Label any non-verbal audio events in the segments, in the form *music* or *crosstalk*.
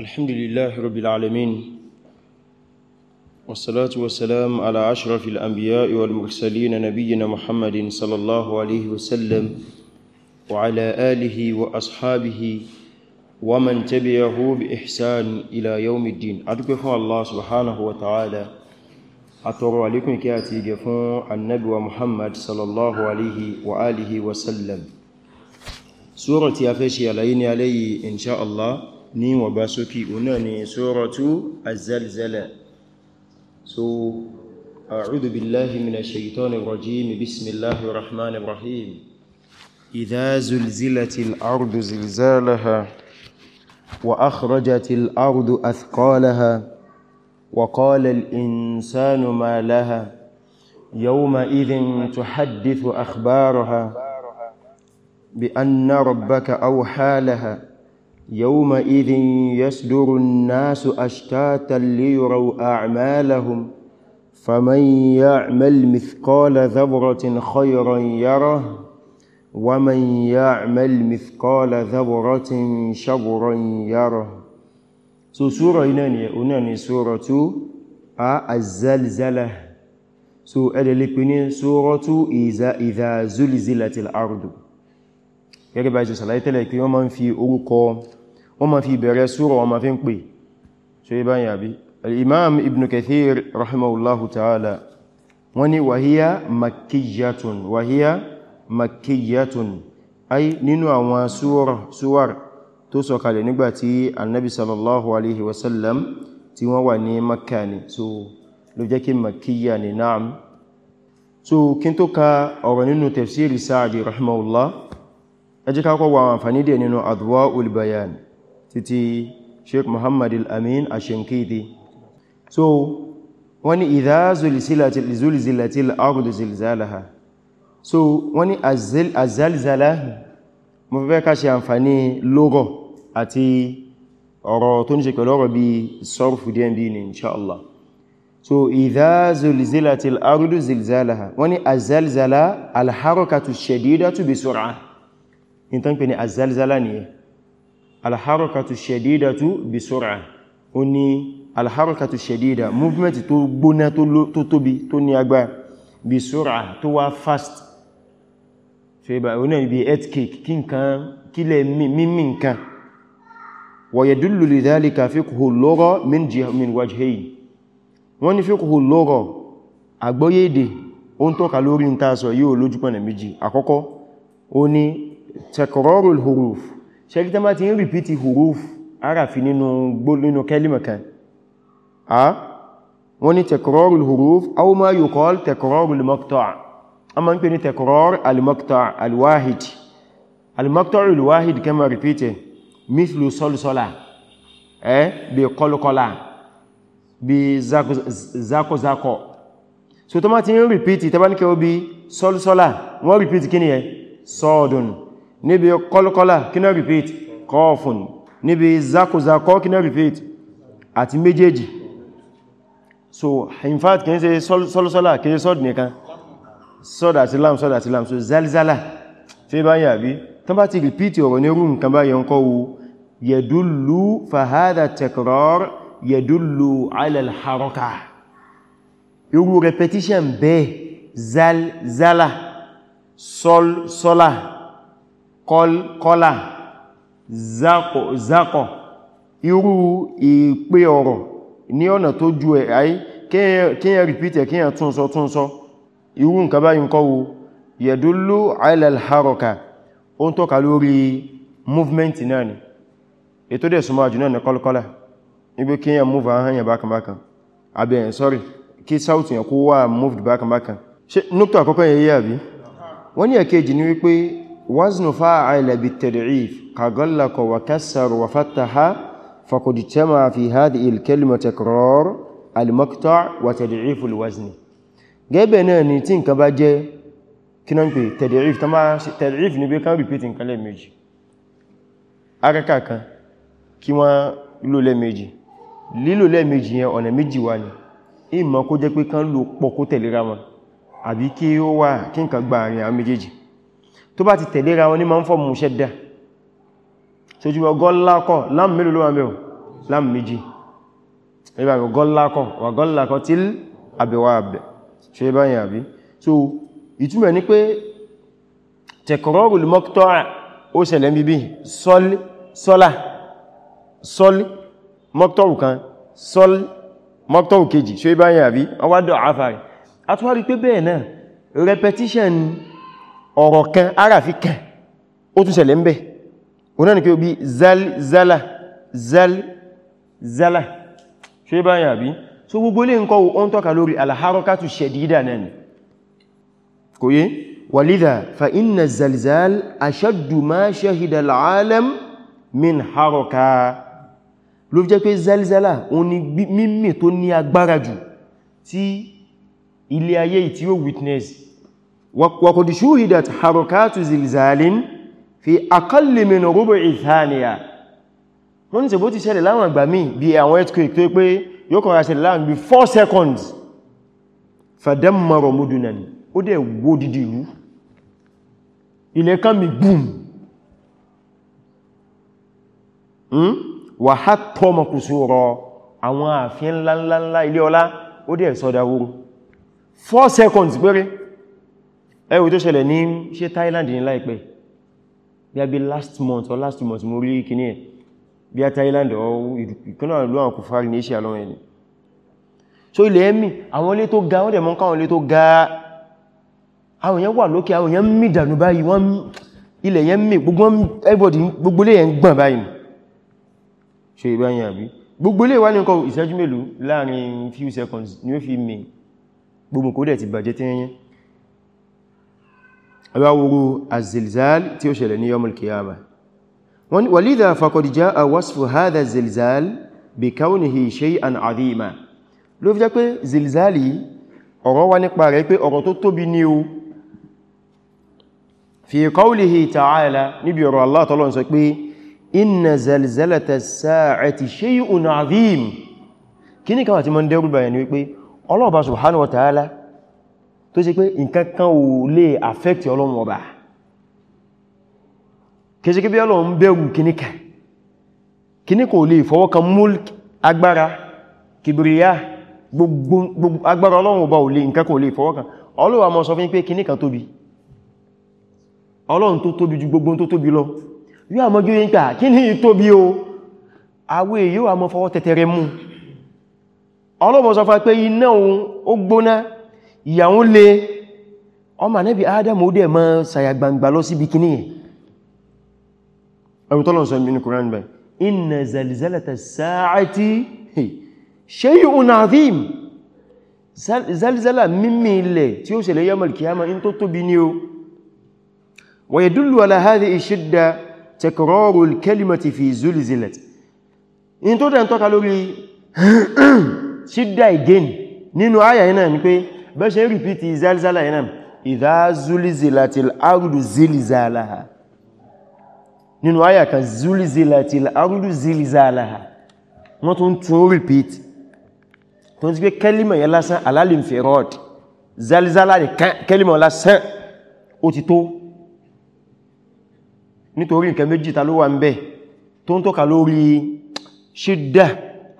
الحمد لله رب العالمين والصلاة والسلام على أشرف الأنبياء والمرسلين نبينا محمد صلى الله عليه وسلم وعلى آله وأصحابه ومن تبعه بإحسان إلى يوم الدين أدقف الله سبحانه وتعالى أتروا عليكم كاتي جفون النبي محمد صلى الله عليه وآله وسلم سورة يافشي عليني عليه إن شاء الله ní won ba sókè òun náà ni soro to azalzala so a'udhu billahi minash shaitanir rajim bismillahir rahmanir rahim idha zulzilatil ardu zilzalaha wa akhrajatil ardu athqalaha wa qala al-insanu ma laha يومئذ تحدث أخبارها بأن ربك أوحى لها يومئذ يسدر الناس أشتاتا ليروا أعمالهم فمن يعمل مثقال ذرة خيرا يره ومن يعمل مثقال ذرة شرا يره سورة إناني أناني سورة الزلزلة سورة إذا, az-zalzalah gẹ́gẹ́ bá ṣe sàlàyé tẹ́lẹ̀ pé wọ́n máa ń fi orúkọ wọ́n máa fi bẹ̀rẹ̀ súrà wọ́n máa fi ń pè ṣe bá yà bí al'imam ibn kathir rahimahullahu ta'ala wọ́n ni wàhíyá makiyatun wàhíyá makiyatun ay nínú àwọn súwar tó sọ̀kalẹ̀ nígbàtí annabi sallallahu alaihi wasallam tí wọ́n wà ní makka ni so ló jẹ́ kí makiyya ni na'am so kí n tó ka ọ̀rọ̀ nínú tafsiri sa'adi rahimahullahu ẹjí kákọ́ wà àǹfàní dẹ̀ nínú Adwa'ul Bayan títí Sheikh Muhammad al-Amin Ash-Shankiti so wọ́n ni idha zulzilatil ardu zilzalaha so wọ́n ni azalzala mo fẹ́ ká ṣe àǹfàní lọ́rọ̀ àti ọ̀rọ̀ tó ń ṣe pẹ̀lú ọ̀rọ̀ bí sọ́rọ̀fù díẹ̀ bí ní inṣáàlá so idha zulzilatil ardu zilzalaha wọ́n ni azalzala alharokatu shadidatu bi sur'ah in tán pè ní azalzala ni alharakatu shadida tu bi sur'a o alharakatu shadida movement tó gbóná tó tóbi tó ní agbára bi sur'a tó wá fast ṣe bá o náà bí earthquake kí nǹkan kílẹ̀ mímí nǹkan wa yadullu li dhalika fiqhu lugha min jiha min wajhayn wọ́n ní fiqhu lugha àgbọ́yé èdè ó ń tọ́ka lórí ń tàṣọ yóò lójúpọ̀nà méjì àkọ́kọ́ tẹkọrọrù huruf ṣẹ́gítẹ́ bá ti ń rìpítì huruf arafi nínú gbólínú kẹlìmọ̀ kan a wọ́n ni tẹkọrọrù huruf aw ma yuqal tẹkọrọrù al-maqta' a ma ń pè ní tẹkọrọrù al-maqta' al-wahid al-maqta' al-wahid kẹma rìpítì mithlu solsola ẹ́ bí kọlùkọlà bí zakozako so tó má ti ń rìpítì tẹbánikẹ́ obi solsola wọ́n rìpítì kí ni ẹ sọ́ọ̀dùn níbi kọlọkọlá kíná repeat kọfùn níbi zakuzakọ kíná repeat àti méjèèjì so in fact kìí ṣe sọ́lọ́sọ́lá kìí sọ́dù nìkan sọ́dà àti lam sọ́dà àti lam so zalzala tí bá yà bí tán bá ti repeat ọ̀rọ̀ ní rúrùn kan bá yẹn kọ́ wo yẹ̀dúlù fahada tekrar yẹ̀dúlù alalharaka irú repetition bẹ́ẹ̀ zalzala sọ́lọ́sọ́lá kọ́lá zákọ̀ irú ìpé ọ̀rọ̀ ní ọ̀nà tó ju ẹ̀ ayé repeat rìpítẹ̀ kíyàn túnsọ túnsọ irú nǹkan báyìí ń kọ́wọ́ yẹ̀dúlú alàlhárọ̀ká ó ń tọ́ka lórí movement náà ni ètò dẹ̀ súnmọ́ àjù náà ní kọ́lọ́kọ́lá move sorry moved وزن فاعل بالتضعيف كغلق وكسر وفتح فقد اجتمع في هذه الكلمة تكرار المقطع وتضعيف الوزن gẹ́bẹ̀ náà ni tí nǹkan bá jẹ́ kí náà ń pè tẹ̀dẹ̀ríf tó máa ṣe tẹ̀dẹ̀ríf ní bí kan repeat nǹkan lẹ́ẹ̀mejì akẹ́kà kan kí wọ́n lò lẹ́ẹ̀mejì lílò lẹ́ẹ̀mejì yẹn ọ̀nà méjì wà ní ìmọ̀ kó jẹ́ pé kan lò pọ̀ kó tẹ̀lera wọn àbí kí ó wà kí nǹkan gba àárín àwọn méjèèjì tó bá ti tẹ̀lé ra wọn ní ma ń fọ́ mú ṣẹ́dá sojú ọgọ́lákọ̀ láàmù mélòó ló wà mẹ́o láàmù méjì ṣe báyìí àbí so ìtumọ̀ ní pé tẹ̀kọ̀rọ̀rù mọ́kútọ́rà ó ṣẹlẹ̀ bíbí sọ́lá sọ́lí mọ́kútọ́rù kan sọ́lí mọ́kútọ́rù kejì ṣe báyìí àbí ọwádọ̀ àfàrí a tún wá rí pé bẹ́ẹ̀ náà repetition ọ̀rọ̀ kan arafi kan ó tún ṣẹlẹ̀ ń bẹ̀ oná ní kí o bí zalzala zalzala ṣe báyà bí so gbogbo ilé nǹkan o ń tọ́ka lórí alharakatu shadida náà ni kò yé walidha fa inna zalzal ashaddu ma shahida al'alam min haraka ló fi jẹ́ pé zalzala o ni mímì tó ní agbára jù tí ilé ayé tí ó witness وقد شوهدت حركات زلزال في أقل من ربع ثانية wọ́n ní ṣèbó ti ṣẹlẹ̀ láwọn àgbà míì bí àwọn earthquake tó pé yóò kọ̀rọ̀ ṣẹlẹ̀ láwọn bí 4 seconds fàdánmọ̀rọ̀ mọ́dúnàní ó dẹ̀ wó dìdì ìlú ilẹ̀ kan mi boom wà há tọ́mọkùsù rọ àwọn ààfin ńláńláńlá ilé ọlá ó dẹ̀ sọ́dáwó 4 seconds péré ẹ wo tó ṣẹlẹ̀ ní ṣe Thailand ní láìpẹ́ bí a bí last month or last month mo rí kìíní ẹ̀ bí a Thailand or ìkúnnà ló àwọn kòfàrí ní ṣe àlọ́rin ẹni so ilẹ̀ ẹ̀mí àwọn ilé tó ga wọ́n dẹ̀ mọ́ káwọn ilé tó ga àwọn èèyàn wà lókè àwọn èèyàn mì dànù báyìí wọ́n ilẹ̀ yẹn mì gbogbo lè yẹn gbọ̀n báyìí ṣe ìbáyìn àbí gbogbo lè wá ní nǹkan ìṣẹ́jú mélòó láàrin few seconds ni ó fi mì gbogbo kó dẹ̀ ti bàjẹ́ tẹ́yẹn abáwòrú azilzal tí ó ṣẹlẹ̀ ní yọmul kiyama walidha faqad jaa wasfu hadha zilzal bi kaunihi shay'an adhima ló fi jẹ́ pé zilzali ọ̀rọ̀ wá nípa rẹ̀ pé ọ̀rọ̀ tó tóbi ní o fi qawlihi ta'ala níbi ọ̀rọ̀ Allah tọ́lọ́n sọ pé inna zalzalata subhanahu wa ta'ala tó ṣe pé nǹkan kan ò lè affect ọlọ́run ọba kìí kí bí ọlọ́run bẹ̀rù kìníkà kìníkà ò lè fọwọ́kan mulk agbára kìbìrìyà gbogbo agbára ọlọ́run ọba ò lè nǹkan kan ò lè fọwọ́kan ọlọ́wà mọ́ sọ fún pé kìníkà tóbi o awé yóò àmọ́ fọwọ́ tẹ̀tẹ̀rẹ mú ọlọ́run sọ ìyàwó lè ọmọ Ànábì Adam ó dẹ̀ mọ́ sàyàgbàǹgbà lọ sí bikini ẹ̀ ẹ̀rùn tọ́lọ̀ sọ nínú Kùránì bẹ̀ inna zalzalata sa'ati shay'un azim zalzala mímí ilẹ̀ tí ó ṣẹlẹ̀ yamal kiyama in tó tóbi ní o wa yadullu ala hadhihi shidda takraru *clears throat* al ni pé bẹ́ ṣe ń rìpítì zalzala yẹn náà ìdá zulizilatil ardu zilzalaha nínú àyà kan zulizilatil ardu zilzalaha wọ́n tún tún rìpítì tó ń ti pé kẹ́límọ̀ yẹn lásán alalim ferod zalzala ni kẹ́límọ̀ lásán ó ti tó nítorí nǹkan méjì ta ló wà ń bẹ tó ń tọ́ka lórí ṣídà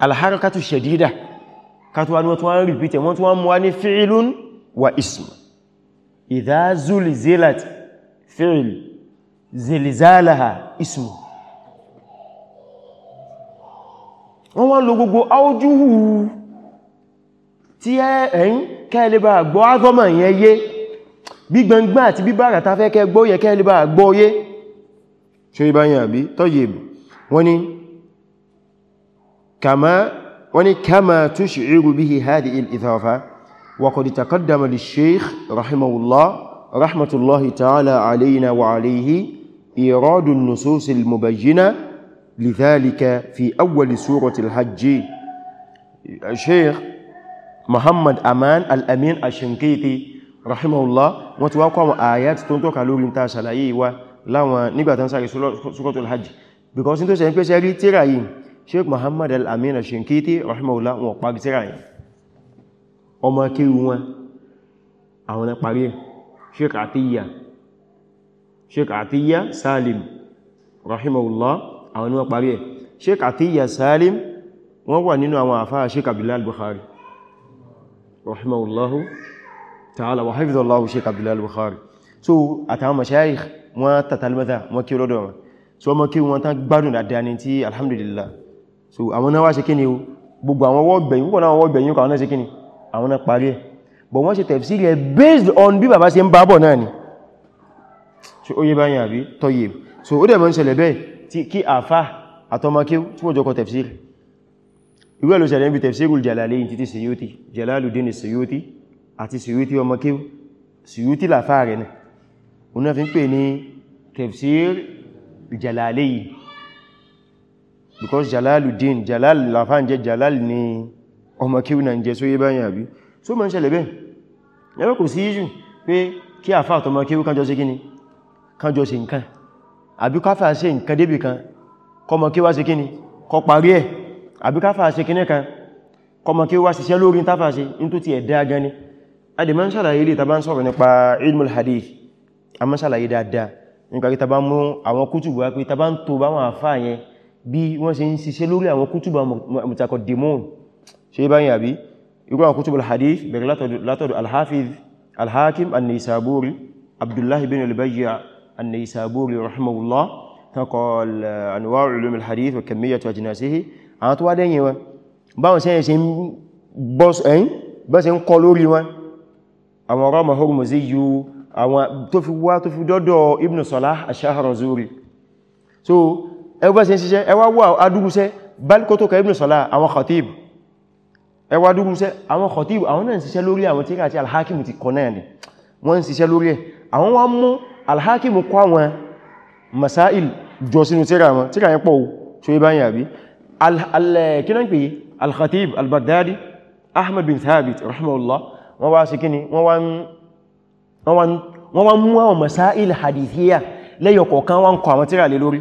alhárakátù ṣẹ̀dídà katuwa ni wọ́n tún wọ́n repeat wọ́n tún wọ́n mú wá ní fi'ilun wa ism idha zulzilat fi'il zilzalaha ism wọ́n wọ́n lo gbogbo awjuhu tí ẹ̀yìn kẹ́lẹ̀bà gbọ́ azọ́mọ̀ yẹn yé gbígbọngbọ́n àti bíbára ta fẹ́ kẹ́lẹ̀bà وني كما تشعر به هذه الإثافة وقد تقدم للشيخ رحمه الله رحمة الله تعالى علينا وعليه إيراد النصوص المبينة لذلك في أول سورة الحج الشيخ محمد أمان الأمين الشنكيتي رحمه الله وتوقع آيات تنتوك على لنتا سلايي ولاوان سورة الحج because into se n pe sheik muhammad al-amin al-shinkiti rahimahullah wọn parí tíra yìí ọmọ kiri wọn àwọn parí sheik atiyya sheik atiyya salim rahimahullah àwọn ni wọ́n parí ẹ̀ sheik atiyya salim wọ́n wà nínú àwọn àfáà sheik abdullahi al-bukhari rahimahullahu ta'ala wa hafizallahu sheik abdullahi al-bukhari so àtàwọn mashayikh wọ́n tàtàlmẹ́ta wọ́n kí lọ́dọ̀ wọn so wọ́n kí wọ́n tán gbádùn dáadáa tí alhamdulillah so àwọn náà wá ṣe kíni o gbogbo àwọn wọ́gbẹ̀yìn púpọ̀ náà wọ́gbẹ̀yìn kan náà ṣe kíni àwọn náà parí ẹ̀ but wọ́n ṣe tafsiri rẹ̀ based on bí bàbá ṣe ń bábọ̀ náà ni so ó yé báyìí àbí tọ́yẹ̀ so ó dẹ̀ mọ́ ń ṣẹlẹ̀ bẹ́ẹ̀ tí kí àfá àtọmọkíw tí wọ́n jọkọ̀ tafsiri irú ẹ̀ ló ṣẹlẹ̀ níbi tafsirul Jalalayn títí Suyuti Jalaluddin Suyuti àti Suyuti ọmọkíw Suyuti làfá rẹ̀ náà because jalaluddin jalal lafán jẹ jalal ni ọmọ kí wùnà jẹ sóyé báyìí àbí so ma ń ṣẹlẹ̀ ju pe kò sí ìjù pé kí àfá àtọmọ kí wù kánjọ sí kíni kánjọ sí nǹkan àbí káfà sí nǹkan débì kan kọmọ kí wá sí kíni kọ parí ẹ̀ àbí káfà sí kíní kan kọmọ kí wá síṣẹ́ lórí táfà sí in tó ti ẹ̀dá gan ni a dẹ̀ máa ń ṣàlàyé ilé tàbá ń sọ̀rọ̀ nípa ilmul hadith a máa ń ṣàlàyé dáadáa nípa kí tàbá mú àwọn kútùbù wá pé tàbá ń tó báwọn àfáà yẹn bí wọ́n ṣe ń ṣiṣẹ́ lórí àwọn kútùbà mùtakọ̀ demon ṣe báyìí àbí irú àwọn kútùbà al-hadith bẹ̀rẹ̀ látọ̀dọ̀ al-hafiz al-hakim an-naysaburi abdullahi bin al-bayya an-naysaburi rahimahullah takọ̀ anwa'u ulum al-hadith wa kamiyatu ajnasihi àwọn tó wá dẹ́yìn wọn báwọn ṣe ṣe ń bọ́s ẹ̀yìn bọ́ ṣe fi wá tó fi dọ́dọ̀ ibn salah ash-shahrazuri so ẹwà sí ṣiṣẹ́ ẹwà wà adúrúṣẹ́ balikoto ka ibn Salah àwọn khatib ẹwà adúrúṣẹ́ àwọn khatib àwọn náà ṣiṣẹ́ lórí àwọn tí àti alhakim ti kọ náà ni wọ́n ṣiṣẹ́ lórí ẹ̀ àwọn wọ́n mú alhakim kọ àwọn masail jọ sínú tíra wọn tíra yẹn pọ̀ tó ibá yà bí kínáǹpé alkhatib albaghdadi ahmad bin thabit rahimahullah wọ́n wá sí kíni wọ́n wá mú àwọn masail hadithiyya lẹ́yọ̀kọ̀ọ̀kan wọ́n kọ àwọn tíra lé lórí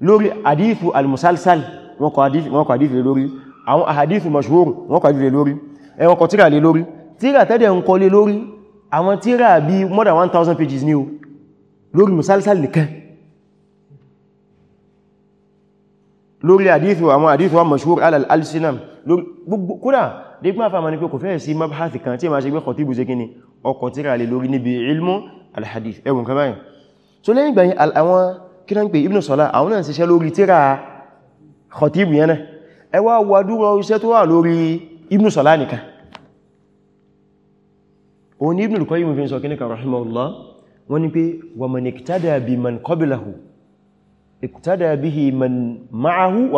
lórí hadithu al-musalsal wọn kọ hadithu lórí àwọn hadithu mashhur wọn kọ hadithu lórí ẹwọn kọ tíra lè lórí tíra tẹ́dẹ̀ ń kọ lè lórí àwọn tíra bí more than 1000 pages ní o lórí musalsal nìkan lórí hadithu àwọn hadithu wa mashhur al-alsinam kúrà dígbà fàmà ní pé kò fẹ́ sí mabhath kan tí ma ṣe gbé kọtíbù sí kíni ọkọ̀ tíra lè lórí níbi ilmu al-hadith ẹwùn kan báyìí so lẹ́yìn gbẹ̀yìn àwọn kí náà ń pè Ibn Salah àwọn náà ṣiṣẹ́ lórí tíra Khatib yẹn náà ẹ wá wà dúró iṣẹ́ tó wà lórí Ibn Salah nìkan òun ni Ibn al-Qayyim fi ń sọ kíníkà rahimahullah wọ́n ni pé wa man iktada bi man qablahu iktada bihi man ma'ahu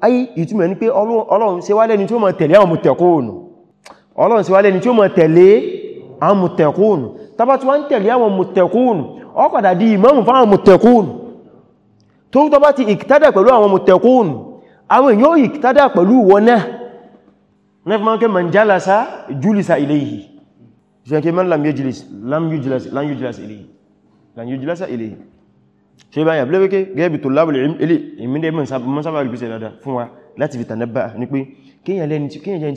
ayé ìtumọ̀ ní pé ọlọ́run ṣe wá lẹ́ni tí ó máa tẹ̀lé àwọn mùtẹ̀kóònù ọlọ́run ṣe wá lẹ́ni tí ó máa tẹ̀lé àwọn mùtẹ̀kóònù tàbá tí wọ́n tẹ̀lé àwọn mùtẹ̀kóònù ọkọ̀dà di ìmáàmù fún àwọn mùtẹ̀kóònù tó tó bá ti ìkítádà pẹ̀lú àwọn mùtẹ̀kóònù àwọn èèyàn ìkítádà pẹ̀lú wọn náà nẹ́fìmọ́n kí man ṣe báyà bí lẹ́wẹ́kẹ́ gẹ́ẹ̀bì tó lábùlẹ̀ ilé ìmìnlẹ̀ mọ́sábà olùgbésẹ̀ dada fún wa láti fi tànàbà ní pé kíyàn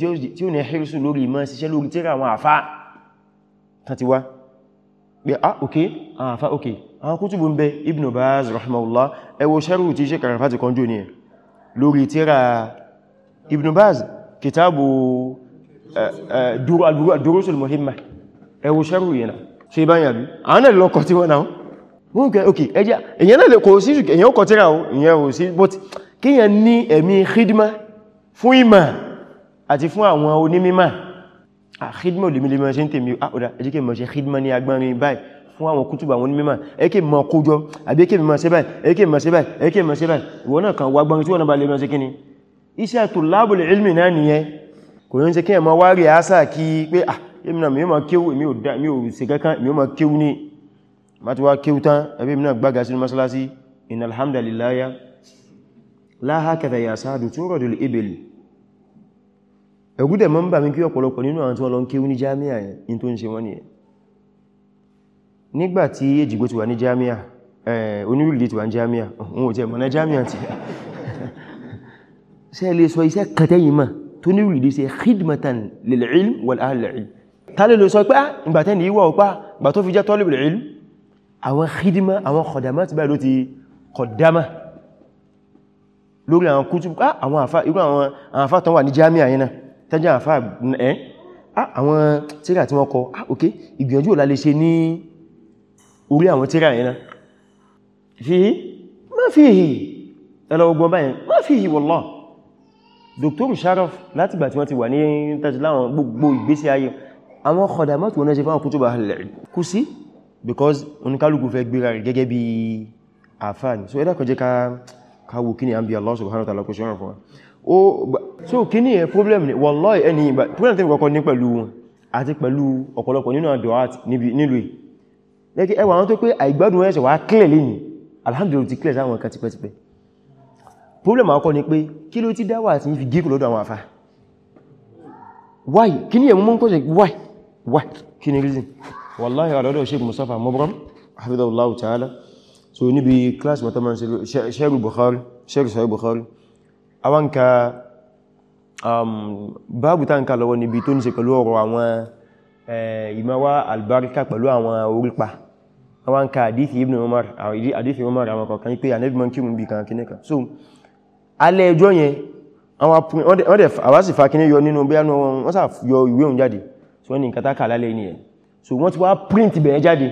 jẹ́ tí ó ní ẹ̀hẹ́rìsù lórí ìmọ̀ síṣẹ́ lórí tí àwọn àfá tàti wá pé ah ok àfá ok àwọn kútùbù ń bẹ Ibn Baz rahimahullah ẹwọ sẹ́rù tí ṣe kàràfà ti kọjú ní ẹ lórí tíra Ibn Baz kìtàbù durusul muhimma ẹwọ sẹ́rù yẹn ṣe báyà bí àwọn ẹ̀lọ́kọ̀ tí wọ́n náà wọ́n kẹ́ okay ẹjá èyàn náà lè kò sí ṣùgbọ́n èyàn kọ̀ tíra ìyẹn ò sí but kíyàn ní ẹ̀mí khidma fún ìmọ̀ àti fún àwọn onímímọ̀ khidma olùmílímọ̀ ṣe ń tèmi àkùdá ẹjíkẹ́ mọ̀ ṣe khidma ní agbárin báyìí fún àwọn kútùbà àwọn onímímọ̀ ẹkẹ́ mọ̀ kójọ àbí ẹkẹ́ mọ̀ ṣe báyìí ẹkẹ́ mọ̀ ṣe báyìí ẹkẹ́ mọ̀ ṣe báyìí ìwọ náà kan wá gbọ́n tí ilmi náà nìyẹn kò yẹn ṣe kí ẹ̀mọ̀ wá rí àṣà kí pé ah èmi náà mi ò mọ̀ kéwú èmi ò ní ma ti wá kíútán ẹbí mìíràn gbága sínú masalasi in alhamdulillaya láhá kẹta yà sáàdù tún rọ̀dù ìbèlì ẹ̀gúdẹ̀ mọ́ ń bà mí kí ọ̀pọ̀lọpọ̀ nínú àwọn tí wọ́n lọ ń kíú ní jami'a yẹn tó ń ṣe wọ́n nìyẹn nígbà tí Èjìgbò ti wà ní jami'a onírùlé ti wà ní jami'a òun ò tẹ́ mọ̀ ná jami'a ti *laughs* ṣe lè sọ iṣẹ́ kẹtẹ́yìn mọ̀ tó nírùlé ṣe khidmatan lil ilm wal ahli ilm ta lè lọ sọ pé ah, ìgbàtẹ́ ni ìwọ̀ ọ̀pá gbà tó fi jẹ́ tọ́lù ilm àwọn khidima àwọn kọ̀dàmá ti báyìí ló ti kọ̀dàmá lórí àwọn kútùbù ah, àwọn àfá irú àwọn àfá tán wà ní jami'a yẹn náà tẹ́jẹ́ àfá ẹ́ eh, ah, àwọn tíra tí wọ́n kọ ah, ok ìgbìyànjú ò lálẹ́ ṣe ní orí àwọn tíra yẹn náà fi ma fihi ẹlọ́gbọ́n báyẹn ma fihi wallah Dr. Sharaf láti gbà tí wọ́n ti wà ní tẹ́jẹ́ láwọn gbogbo ìgbésí ayé àwọn kọ̀dàmá tí wọ́n ṣe fáwọn kútùbù because oníkálùkù fẹ́ gbéra rẹ̀ gẹ́gẹ́ bí àfáàní so ẹ́dàkọ̀ jẹ́ ká wò kí ni àbí Allah subhanahu wa ta'ala kò ṣọ́rọ̀ fún wa so kí ni ẹ̀ problem ni wallahi ẹni ìgbà problem tẹ́ kọ́kọ́ ní pẹ̀lú wọn àti pẹ̀lú ọ̀pọ̀lọpọ̀ nínú àdọ́wàt nílùú lẹ́kí ẹwà wọn tó pé àìgbádùn ẹ̀ṣẹ̀ wà clear lẹ́yìn alhamdulillah ti clear sáwọn kan tipẹ́tipẹ́ problem àkọ́kọ́ ni pé kí ló ti dáwà àti fi gíkù lọ́dọ̀ àwọn àfá why kí ni ẹ̀mú mọ́ ń kọ́ṣẹ̀ why why kí ni reason wallahi alọ́dọ̀ sheik mustafa mubram hafidhullahu ta'ala so níbi class wata man sheik bukhari sheik sahih bukhari àwọn ka um, báàbù tá ń ká lọ́wọ́ níbi tó ní ṣe pẹ̀lú ọ̀rọ̀ àwọn ìmọ̀wá albarika pẹ̀lú àwọn orípa àwọn ka àdífì ibn umar àdífì umar àwọn kọ̀kan pé ànẹ́bí mọ́ kírùn bí kan kíníkà so alẹ́ ẹjọ́ yẹn àwọn sì fa kíní yọ nínú bí wọ́n sà yọ ìwé òun jáde so wọ́n ni nǹkan tá kà lálẹ́ ní ẹ̀ so wọ́n ti wá print bẹ̀rẹ̀ jáde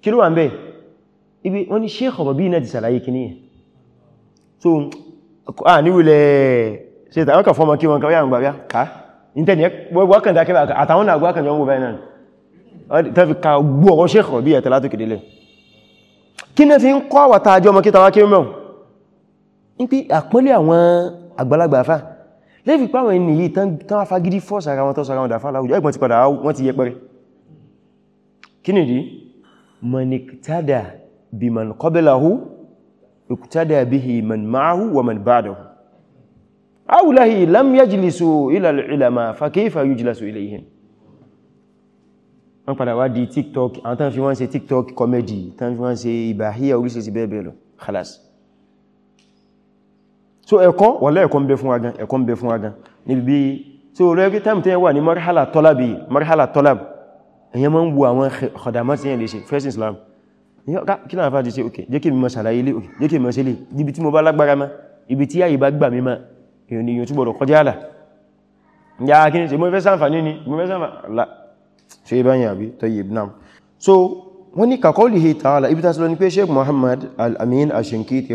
kí ló wà ibi wọ́n ni Sheikh Rabi'i ti sàlàyé kì níyẹn so a níwìlẹ̀ ṣe tàwọn kà fọ́mọ kí wọn kà yàrùn gbàgbà ká ìntẹ́ni wọ́kàn dákẹ́ àtàwọn àgbà kan yọ́n wò báyìí náà tàbí ka gbọ́ ọ̀rọ̀ Sheikh Rabi'i tẹ́lá tó kìdílẹ̀ kí ní fi ń kọ́ àwà tààjọ́ ọmọ kíta wá kí mọ́ ń pí àpọ́lé àwọn àgbàlagbà fà lẹ́fì pàwọn ènìyàn tán fagidi fọ́ sàrà wọn tọ́ sàrà wọn dàfà láwùjọ ẹgbọ́n ti padà wọ́n ti yẹpẹrẹ kínìdí maniktada bí man qablahu iktada bihi man ma'ahu wa man ba'dahu aw lahi lam yajlisu ila al-ulama fa kayfa yujlasu ilayhim wọ́n padà wá di tiktok àwọn tán fi wọ́n ṣe tiktok comedy tán fi wọ́n ṣe ìbáhíyà oríṣìí bẹ́ẹ̀bẹ́ẹ̀ lọ khalas so ẹ̀kọ́ wọ́lẹ́ ẹ̀kọ́ ń bẹ fún agan ẹ̀kọ́ ń bẹ fún agan níbi bí so rẹ́gbẹ́ time tẹ́ wà ní marhala tọ́lábì marhala tọ́lábì èyàn máa ń wo àwọn kọ̀dàmọ́ tí yẹn lè ṣe first Islam kí náà fàájì sí òkè jẹ́ kí mi mọ́ sàlàyé lé òkè jẹ́ kí mi mọ́ sí lè níbi tí mo bá lágbára má ibi tí yáyì bá gbà mí má èyàn ni kọjá àlà so wọ́n ní kaqawlihi ta'ala ibi tàṣílọ ní pé Muhammad al-Amin al-Shinkiti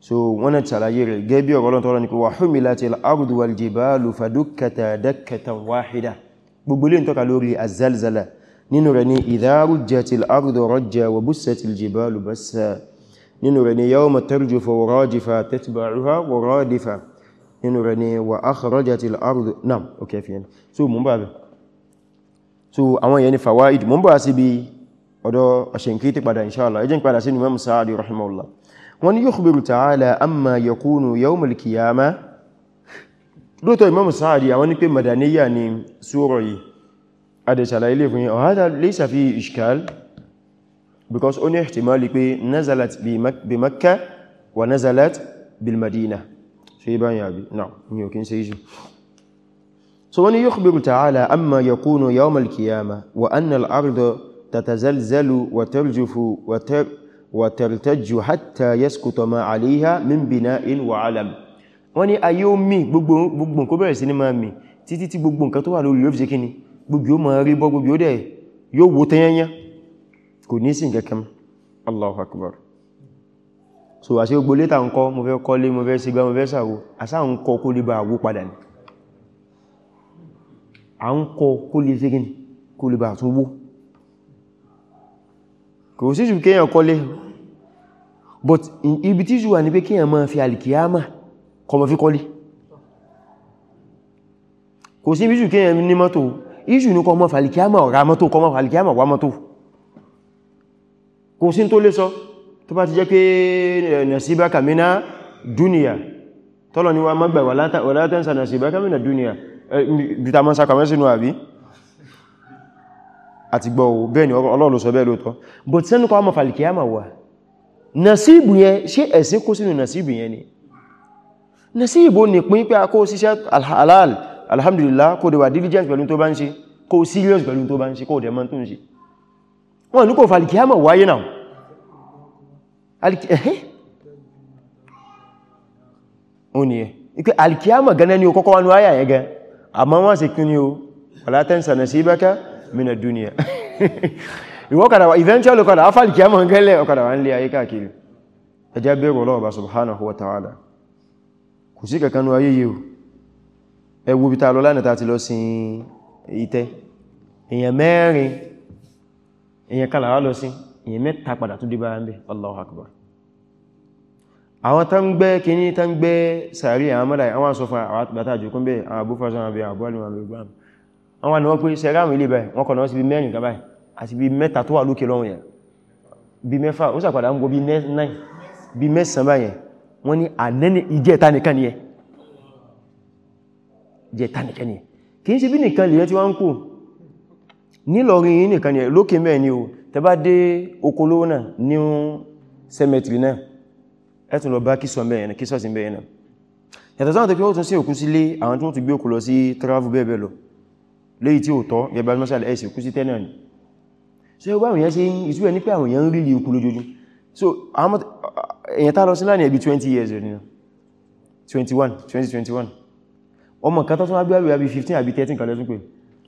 so wọ́n ti sàlàyé rẹ̀ gẹ́bí ọ̀rọ̀ lọ́tọ́rọ̀ ní pé wa humilatil ardu wal jibalu fadukkata dakkatan wahida gbogbo ilé ń tọ́ka lórí azalzala nínú rẹ̀ ni idha rujjatil ardu rajja wa bussatil jibalu bassa nínú rẹ̀ ni yawma tarjufu wa rajifa tatba'uha wa radifa nínú rẹ̀ ni wa akhrajatil ardu nam ok fiyan so mú bá bẹ̀ so àwọn yẹn ni fawaid mú bá sí bí ọ̀dọ̀ ọ̀ṣẹ̀nkí ti padà inshallah lóòtọ́ Imam Sa'adi àwọn ní pé madaniya ni sura yìí adẹ̀sàlá ilé fún yìí ọ̀hádà lè sàfí ìṣkàl because ó ní ihtimali pé nazalat bi makka wa nazalat bí Madina ṣe yí báyìí àbí náà ní òkín sí iṣu so wani yukhbiru ta'ala amma yakunu yawm al wọ́n ní ayé ó mì gbogbo nǹkan bẹ̀rẹ̀ sí ní máa mì títí tí gbogbo nǹkan tó wà lórí yóò fi ṣe kí ni gbogbo yóò máa rí bọ́ gbogbo yóò dẹ̀ yóò wó tẹ́yẹnyẹ kò ní sí nǹkan Akbar so àṣẹ gbogbo létà ń kọ́ mo fẹ́ kọ́lé mo fẹ́ sígbá mo fẹ́ sàwó àṣà ń kọ́ kó lè bá àwó padà ní but ibi tíṣù wà ní pé kéèyàn máa fi alìkìyàmà kọmọ fi kọ́lé kò sí ìbíṣù kíyàn ní mọ́tò ìṣù ní kọmọ fàlìkíámà ọ̀rá mọ́tò kọmọ fàlìkíámà wà mọ́tò kò sí tó lé sọ tó bá ti jẹ́ pé nasibaka mina dúnìyà tọ́lọ ni wa mọ́gbà wa la tansa nasibaka mina dúnìyà bíta mọ́ sákàmẹ́ sínú àbí àti gbọ́ bẹ́ẹ̀ ni Ọlọ́run ló sọ bẹ́ẹ̀ lóòtọ́ but sẹ́nu kọ́ mọ́ fàlìkíámà wà nasibu yẹn ṣe ẹ̀sìn nasíbò nìpín pé a kó síṣẹ́ alhàlal alhamdulillah kó dẹ̀wà diligence pẹ̀lú tó bá ń ṣe kó serious pẹ̀lú tó bá ń ṣe kó dẹ̀mọ́ tó ń ṣe wọ́n ní kò fà alìkíyàmọ̀ wáyé náà o ní ẹ̀ ipé alìkíyàmọ̀ gẹ́nẹ́ ni o kọ́kọ́ wánú ayà yẹ gẹ́ àmọ́ wọ́n sì kí ni o wala tansa nasibaka mina dunya *laughs* ìwọ́kàdà wà eventually ọkàdà o gẹ́lẹ̀ ọkàdà wà ń lé ayé káàkiri ẹjẹ́ bẹ̀rù ọlọ́ọ̀bá subhanahu wa ta'ala kò sí kankan ní ayé yìí ẹ wo bí ta lọ lánàá ti lọ sin ìtẹ́ èyàn mẹ́rin èyàn kan lọ sin èyàn mẹ́ta padà tó débá ń bẹ Allahu Akbar àwọn tán gbẹ́ kìíní tán gbẹ́ sàárì àwọn mọ́lá àwọn sọ fún àwọn àtàbàtà àjò kún bẹ́ àwọn àbúfàṣọ́ àbẹ̀ àbúwàlùwà àbẹ̀gbàm àwọn ni wọ́n pé sẹ́ráàmù ilé báyìí wọ́n kọ̀nà sí bí mẹ́rin kan báyìí mẹ́sàn báyìí wọ́n ní ànẹ́ni ìjẹta nìkan ni ẹ jẹta nìkan ni ẹ kìí ṣe bí nìkan lè tí wọ́n ń kò nílọrin yìí nìkan ni ẹ lókè mẹ́ẹ̀ ni o tẹbá dé okolówó náà ní cemetery náà ẹtùn lọ bá kíso mẹ́ẹ̀nà kíso sí mẹ́ẹ̀nà yàtọ̀ sáwọn tẹ́kí wọ́n tún sí òkú sílé àwọn tí wọ́n tún gbé òkú lọ sí travel ni so yóò bá àwọn èèyàn ṣe ìtú so èyàn uh, tá lọ sí láàrin ẹbí 20 years rẹ̀ nínú 21 2021 ọmọ kan tó tún wábí àbí 15 àbí 13 kan lẹ́tún pé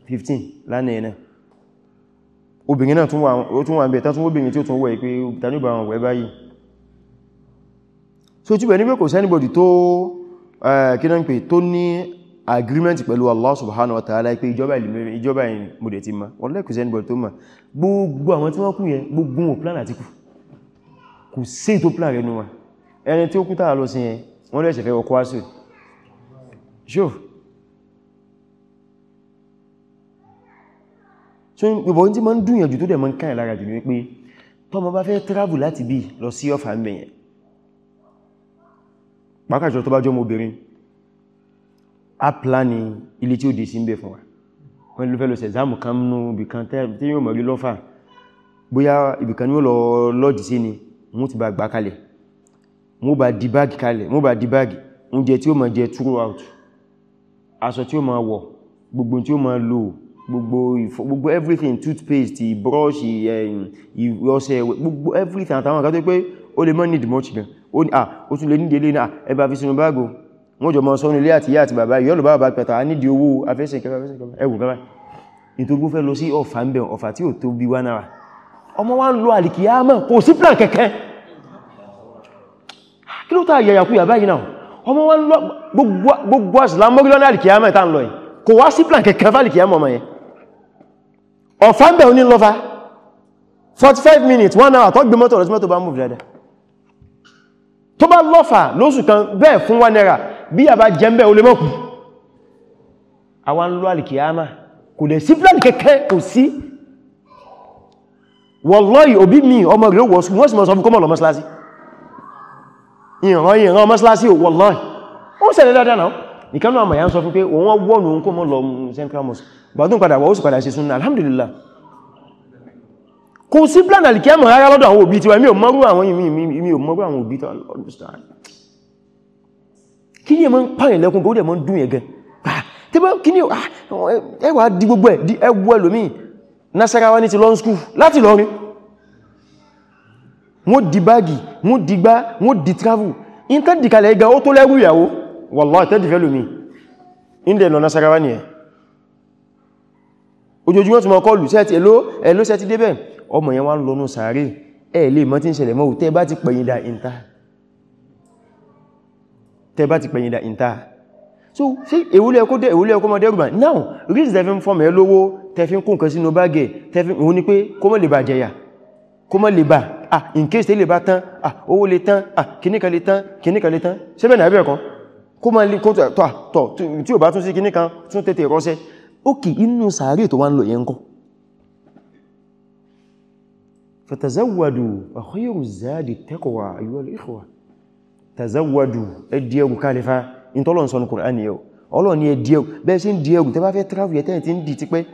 15 láàrin ẹ̀nà obìnrin náà tún wà ń bẹ̀ tán tún obìnrin tí ó tún wọ́ ẹ̀ pé tàní ìgbà wọn wẹ́ báyìí so tí bẹ̀ ní pé kò sẹ́nibọ̀dì tó eh, kíná ń pè tó agreement pẹ̀lú Allah subhanahu wa ta'ala pé ìjọba ìlú ìjọba ìmúdẹ̀ ti ma wọ́n lẹ́kùn sẹ́nibọ̀dì tó ma gbogbo àwọn tí wọ́n kú yẹn gbogbo wọn plan àti kú kò sí tó plan rẹ̀ nù wọn ẹni tí ó kú tàà lọ sí yẹn wọ́n lẹ́ṣẹ̀ fẹ́ ọkọ̀ wáṣù ṣò so ìbọn tí ma ń dùnyànjú tó dẹ̀ ma ń káyà lára jù ní pé tọ́mọ bá fẹ́ travel láti bí lọ sí ọ̀fà mẹ́yẹn pàkàjọ tó bá jọ mọ́ obìnrin a plani ilé tí ó dì sí ń bẹ̀ fún wa wọ́n ló fẹ́ lọ sẹ̀zámù kan nú ibìkan tí yóò mọ̀ rí lọ́fà bóyá ibìkan ni ó lọ lọ́dì sí ni wọ́n ti bá gbá kalẹ̀ wọ́n bá di báàgì kalẹ̀ wọ́n bá di báàgì oúnjẹ tí ó máa jẹ throughout aṣọ tí ó máa wọ̀ gbogbo tí ó máa lò gbogbo ìfọ̀ gbogbo everything toothpaste brush ìrọsẹ̀ ẹ̀wẹ̀ gbogbo everything àtàwọn àkàtọ́ pé ó lè mọ́ need much gan ó ní ah ó tún lè ní délé náà ẹ bá fi sínú báàgò wọ́n jọ mọ́ sọ́nà ilé àti ìyá àti bàbá ìyọ́lù bàbá pẹ̀tà á nídìí owó afẹ́sẹ̀ kẹfà afẹ́sẹ̀ kẹfà ẹwù bàbá nítorí gbọ́fẹ́ lọ sí ọ̀fà ń bẹ̀ ọ̀fà tí ò tó bí wá náà ọmọ wa ń lo àlìkìyàmọ̀ kò sí plan kẹ̀kẹ́ kí ló tàà yẹ̀yàkú yà báyìí náà ọmọ wa ń lọ gbogbo àṣìlámọ́gílọ́nà àlìkìyàmọ̀ ìta ń lọ yìí kò wá sí plan kẹ̀kẹ́ fàlìkìyàmọ̀ ọmọ yẹn ọ̀fà ń bẹ̀ oní lọ́fà 45 minutes one hour tó gbé mọ́tò rẹ̀ sí mọ́tò bá mú dada tó bá lọ́fà lóṣù kan bẹ́ẹ̀ fún wa náírà bí yà bá jẹ́ o lè mọ́kù àwọn ń lọ àlìkìyàmọ̀ kò lè sí plan kẹ̀kẹ́ kò sí wallahi òbí mi ọmọ rẹ̀ wọ́n sí mọ́ sọ fún kọmọ̀ lọ mọ́sílásí ìran ìran mọ́sílásí ò wallahi ó ń ṣẹlẹ̀ dáadáa náà ìkánú àmà ya ń sọ fún pé wọ́n wọ́n òun kó mọ́ lọ central mosque gbádùn padà wọ́n sì padà sí sunna alhamdulillah kò sí plan alikiyama rárá lọ́dọ̀ àwọn òbí tiwa mi ò mọ́rú àwọn mi ò mọ́rú àwọn òbí tiwa kí ni ẹ máa ń pààyàn lẹ́kùn bó dẹ̀ máa ń dùn yẹn gan ah, kí ni ah, ẹwà di gbogbo ẹ̀ di ẹwọ́ ẹlòmíì nasarawa ní ti lọ́n skú láti lọ́rin wọ́n di báàgì wọ́n di gbá wọ́n di travel in tẹ́ dìkalẹ̀ igan ó tó lẹ́rù ìyàwó wallahi tẹ́ dìfẹ́ lómi inda ìlọ nasarawa ni ẹ̀ ojoojúmọ́ tí wọ́n kọlù sẹ́ẹ̀tì ẹ̀ló ẹ̀ló sẹ́ẹ̀tì débẹ̀ ọmọ yẹn wá ń lọ sàárè ẹ̀ lè mọ́ tí ń ṣẹlẹ̀ mọ́ tẹ́ bá ti pẹ̀yìndà ìntà tẹ́ bá ti pẹ̀yìndà now reason them form ẹ tẹfí ń kún kan sínú báàgẹ̀ tẹfí òun ni pé kó mọ́ lè bà jẹyà kó mọ́ lè bà ah in case tẹ́ lè bà tán ah owó lè tán ah kìníkà lè tán kìníkà lè tán sẹ́bẹ̀ náà bẹ̀ẹ̀kọ́ kó mọ́ lè kó tọ̀ tí ò bá tún sí kìníkà tún tètè rọ́sẹ́ ókè inú sàárè tó wá ń lọ yẹn kọ́ fatazawwadu wa khayru zadi taqwa ayyuhal ikhwa tazawwadu ẹdíẹ̀gù kálífà in tọ́lọ̀ ń sọ ní Kùránì ni ẹdíẹ̀gù bẹ́ẹ̀ sí ń díẹ̀gù tẹ́ bá fẹ́ travel yẹ ti ń di tipẹ́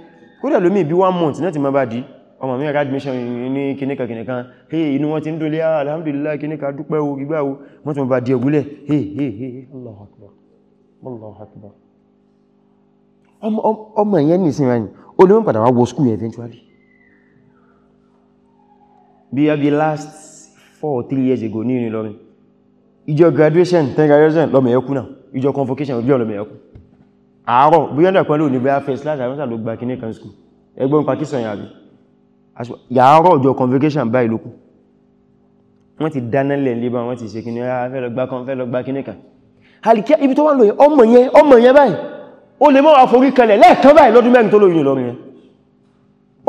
kódà lómi bí one month náà ti ma bá di ọmọ mi rẹ̀ admission ní kìníkà kìníkà hey inú wọn ti ń dólé ah, alhamdulillah kìníkà dúpẹ́ o gbígbà o wọ́n ti bá di ẹ̀gúnlẹ̀ hey hey hey Allahu Akbar Allahu Akbar ọmọ ìyẹn ní ìsinmi ni ó lè school eventually last years ago graduation convocation àárọ̀ bóyọ́dà pẹ̀lú ní bí a fẹ́ slash àrẹ́sà ló gba kìíní kan skú ẹgbọ́n Pakistan yàrí yàárọ̀ ọjọ́ convocation báyìí lókù wọ́n ti dánálẹ̀ lébà wọ́n ti ṣe kìíní afẹ́lọgbá ah, kan fẹ́lọgbá kìíní kan alìkẹ́ ibi tó wà lóye ọmọ yẹn ọmọ yẹn báyìí ó lè mọ́ àforí kalẹ̀ lẹ́ẹ̀kan báyìí lọ́dún mẹ́rin tó lóyún lọ́rin yẹn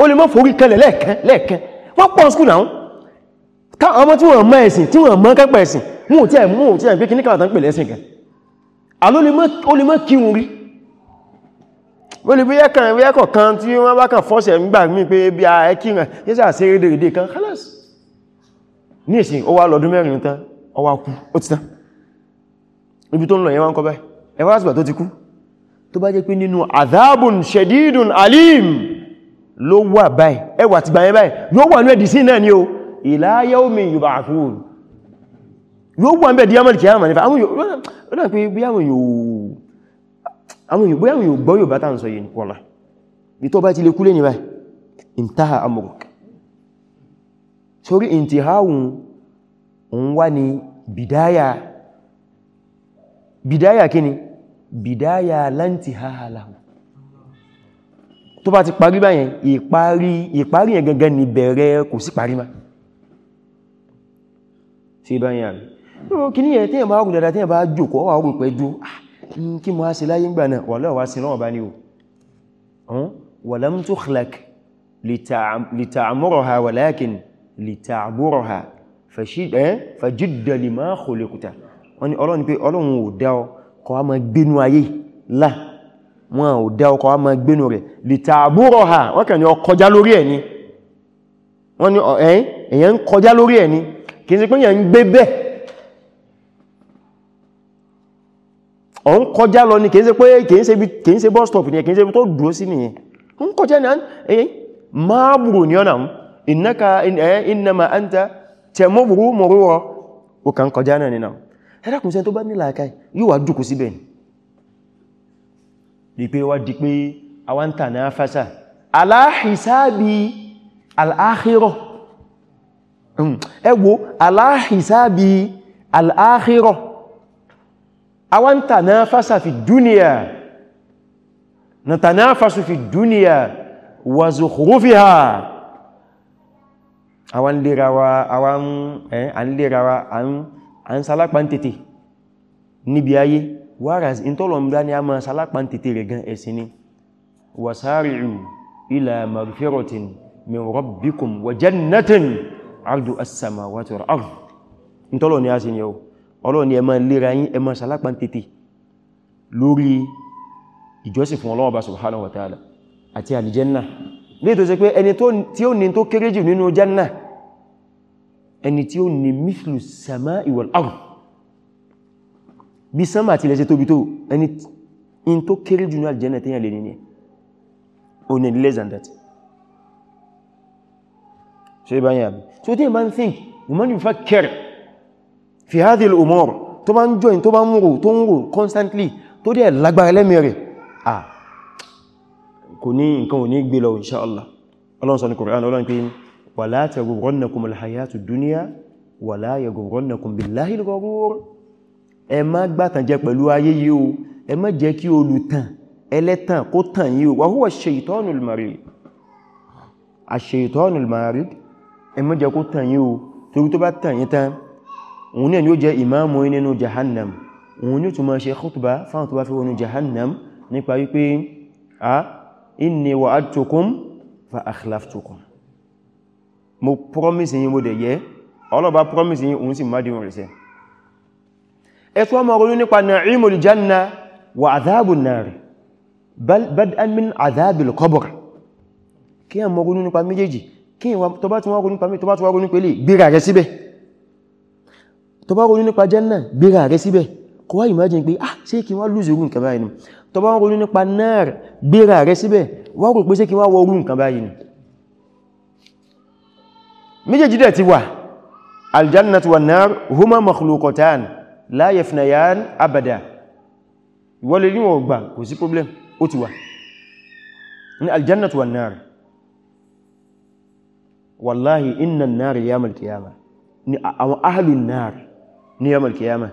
ó lè mọ́ forí kalẹ̀ lẹ́ẹ̀kan lẹ́ẹ̀kan wọ́n pọ̀ skú náà ká ọmọ tí wọ́n mọ́ ẹ̀sìn tí wọ́n mọ́ kẹ́pẹ̀ ẹ̀sìn mú tí ẹ̀ mú tí ẹ̀ pé kìíní kàwàtà ń pè lẹ́sìn kan àló lè mọ́ kírun rí wọ́n lè bóyá kan bóyá kọ̀kan tí wọ́n bá kàn fọ́sẹ̀ nígbà mí pé bí a ẹkìrìn yẹ́sà sí rédèrèdè kan kálàsì ní ìsìn ó wá lọ́dún mẹ́rin tán ó wá kú ó ti tán ibi tó ń lọ yẹn wọ́n kọ́ báyìí ẹwà àtìgbà tó ti kú tó bá jẹ́ pé nínú adhabun shadidun alim ló wà báyìí ẹwà ti gbà yẹn báyìí yóò wà ní ẹ̀dì sí náà ni o ila yawmi yub'athun yóò wà ń bẹ̀ díámọ̀lì kìí àmà nífà àwọn yóò àwọn òyìnbó àwọn òyìnbó yóò bá tàn sọ yìí wọ́la bí tó bá ti lè kúlé ní báyìí intaha amurk sórí intihahun ń wá ní bidaya bidaya kíni bidaya lantihaha lahu tó bá ti parí báyẹn ìparí ìparí yẹn gangan ni bẹ̀rẹ̀ kò sí parí ma sí báyẹn àmì kí ní ẹ̀ tí kí mo á sí láyé ìgbà náà wàlọ́ wá sí lọ́wọ́ bá ní o hm? walam tukhlaq lita'murha walakin lita'burha eh? fajidda lima khuliqta wọ́n ni ọlọ́run pé ọlọ́run ò dá ọ kọ́ a máa gbénú ayé lá wọn ò dá ọ kọ́ wọ́n ni wọ́n ni eh? kọjá lórí ẹ̀ ni kì sí pé yẹn ń gbé bẹ́ẹ̀ ọ ń kọjá lọ ní kìí se pé kìí ṣe bus stop ní kìí ṣe tó dúró sí nìyẹn ń kọjá ní ẹ̀yìn máa bùrù ní ọ̀nà innaka innama anta tamuru murura o kàn kọjá náà nínú ẹ̀dàkùnṣẹ́ tó bá ní làákàí yóò wá dùkú síbẹ̀ ní pé wá di pé àwọn tànà fásà ala al-akhirah ẹ wò ala hisabi al-akhirah hmm àwọn tànáfàsà fi dúníà na tànáfàsù fi dúníà wà zukhrufiha àwọn lerawa àwọn eh, lerawa àwọn sálápá tètè níbi ayé whereas in tọ́lọ̀ mdá ni a máa sálápá tètè rẹ̀ gan ẹ̀sìn ni wasari'u ila magfiratin min rabbikum wa jannatin ardu as-samawati ni a sin yau ọlọ́ni ẹ máa lera yín ẹ máa sàlápà tètè lórí ìjọsìn fún Ọlọ́run Ọba subhanahu wa ta'ala àti alìjẹ́nà ní tó ṣe pé ẹni tí ó ní tó kéré jù nínú jẹ́nà ẹni tí ó ní mithlu sama'i wal ard bí sánmà àti ilẹ̀ṣẹ́ tóbi tó ẹni in tó kéré jù nínú alìjẹ́nà tẹ́yàn lè ní ó ní less than that ṣe báyìí àbí so tí ẹ bá think wọ́n mọ́ ní fẹ́ kẹrẹ̀ fi hadhi al-umur tó bá ń join tó bá ń rò tó ń rò constantly tó dẹ̀ lágbára lẹ́mìí rẹ̀ ah kò ní nǹkan ò ní gbé lọ insha Allah ọlọ́run sọ Qur'an ọlọ́run pé wala taghurrannakum al-hayatu dunya wala yaghurrannakum billahi al-ghurur ẹ má gbàtàn jẹ pẹ̀lú ayé yìí o ẹ má jẹ́ kí olùtàn ẹlẹ́tàn kó tàn yìí o wa huwa ash-shaytanul marid ash-shaytanul marid torí tó bá tàn yìí tán òun náà ni ó jẹ́ ìmáàmù nínú jahannam òun ni ó tún máa ṣe khutba fáwọn tó bá fẹ́ wọnú jahannam nípa wípé a inni wa'adtukum fa akhlaftukum mo promise yín mo dẹ̀ yẹ ọlọ́ba promise yín òun sì má dìwọ̀n rẹ̀ sẹ́ ẹ̀tọ́ ọmọ orin nípa na'imul janna wa azabun nar bal bad'an min azabil qabr kí a mọ̀ orin nípa méjèèjì kí wọ́n tó bá wọ́n orin nípa méjèèjì rẹ̀ síbẹ̀ tó bá ronú nípa jẹ́nà gbéra rẹ síbẹ̀ kó wá imagine pé ah ṣé kí wọ́n lose orú nǹkan báyìí ni tó bá ronú nípa náà gbéra rẹ síbẹ̀ wá rò pé ṣé kí wọ́n wọ orú nǹkan báyìí ni méjèèjì dẹ̀ ti wà aljannatu problem ó ti wà ní aljannatu wa náà wallahi inna an-nar yawm ni àwọn ahlun nar ní yawmal qiyamah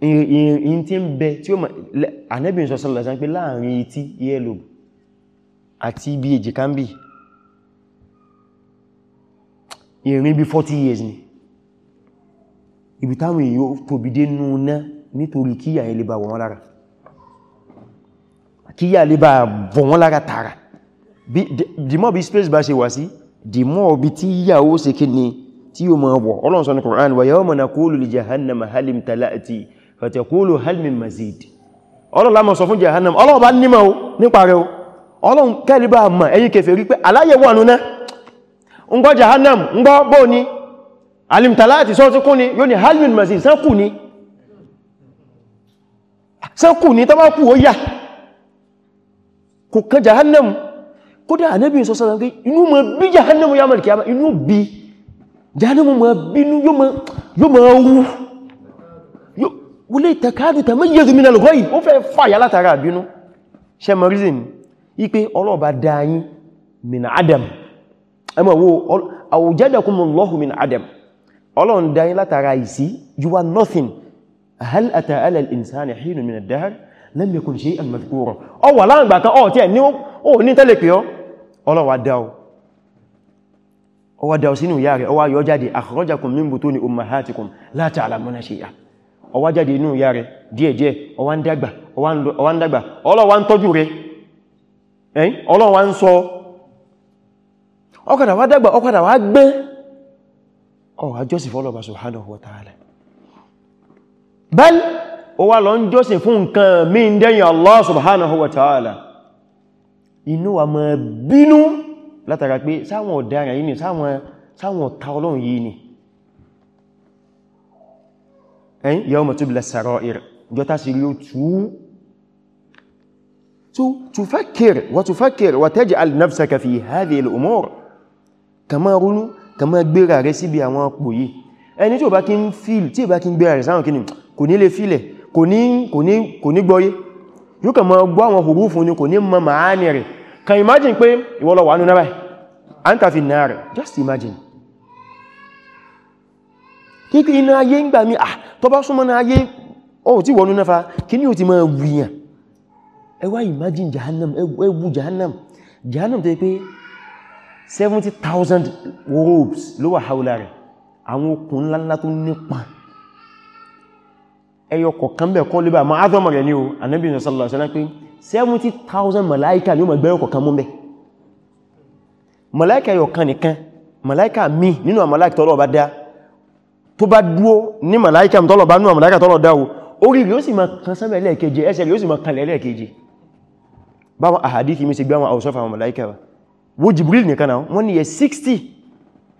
in tí ń bẹ tí ó ma anẹ́bìn sọ sọ́lọ̀ sán pé láàrin etí yẹ́lò àti ibi èjìká ń bí ìrìn bí 40 years ni ibi táwọn èyí tóbi dé núná nítorí kíyà ilé bá wọ́n lára kíyà ilé bá wọ́n lára tààrà dìmọ́ bí space bá ṣe wà sí dìmọ́ bí tí yà ó kí ni tí yóò máa wọ̀ ọlọ́run sọ ní Qur'an wa yawma naqulu li jahannama halim tala'ati fatakulu hal min mazid ọlọ́run lámọ̀ sọ fún jahannam ọlọ́run bá nímọ̀ o nípa rẹ̀ o ọlọ́run kẹ́lìbà mọ̀ ẹ̀yin kèfèrí pé aláyẹ̀wọ̀ ànúná ń gbọ́ jahannam ń gbọ́ bó ní halim tala'ati sọ́ ti kún ni yóò ní hal min mazid sánkù ni sánkù ni tó bá kù ó yà kò pé inú mọ̀ jahannama ma bínú yóò ma wú wọlé ìtẹ̀káàdù tàmí yẹ́zù mínà lọ́gọ́ yìí ó fẹ́ fàyà látara àbínú shemarism ipé ọlọ́ọ̀bá dáyín min adam ẹmọ̀ wo awjadakumullahu min adam ọlọ́run dáyín látara ìsí you are nothing hal ata ala al-insani hinun min ad-dahr lam yakun shay'an madhkura ọ wà láàrín gbàkan ọ̀ tí ẹ̀ dáwọ́ ó wá dáwọ́ sínú ìyá rẹ̀ ó wá yọ jáde akhrajakum min butuni ummahatikum la ta'lamuna shay'a ó wá jáde inú ìyá rẹ̀ díẹ̀díẹ̀ ó wá ń dàgbà ó wá ń dàgbà Ọlọ́run wá ń tọ́jú rẹ̀ ẹ̀yìn Ọlọ́run wá ń sọ ó padà wá dàgbà ó látara pé sáwọn ọ̀daràn yìí ni sáwọn ọ̀tá ọlọ́run yìí ni ẹ̀yìn yàwó mọ̀ tó bí lẹ́sàrọ̀ ìrẹ̀ jọta sí rí ó tú tufakir wa tufakir wa taj'al nafsaka fi hadhihi al-umur kama runu kama gbéra rẹ̀ síbi àwọn ọpò yìí ẹni tí ó bá kí ń fíl tí ó bá kí ń gbéra can you imagine pé ìwọ ló wà nínú náà anta fi nari just imagine kíkí iná ayé ń gbà Ah, to tó bá súnmọ́ náà ayé ó ti wọnú náà kí ní ò ti máa wùyàn ẹ wá imagine jahannam ẹ wù jahannam jahannam tó yẹ pé 70,000 robes ló wà haúlá rẹ̀ àwọn okùn ńláńlá tó nípa ẹyọ kọ̀kan bẹ̀ kọ́ lébà ma ázọ́mọ̀ rẹ̀ ní o anábìnrin sallallahu alaihi wasallam pé 70,000 màláíkà ni ó mọ̀ gbẹ́rẹ̀ kọ̀kan mú mẹ́ Malaika, yọ̀ kan nìkan màláíkà mi nínú àmàláíkà tọ́lọ̀ bá dá tó bá dúó ní màláíkà tọ́lọ̀ bá nú àmàláíkà tọ́lọ̀ dá o orí rí ó sì ma kan sánmà ẹlẹ́ẹ̀keje ẹsẹ̀ rí ó sì ma kan lẹ́ẹ̀keje báwọn àhàdíkì mi sì gbáwọn àwọsọ́fà àwọn màláíkà wo Jibril nìkan náà wọ́n ni yẹ 60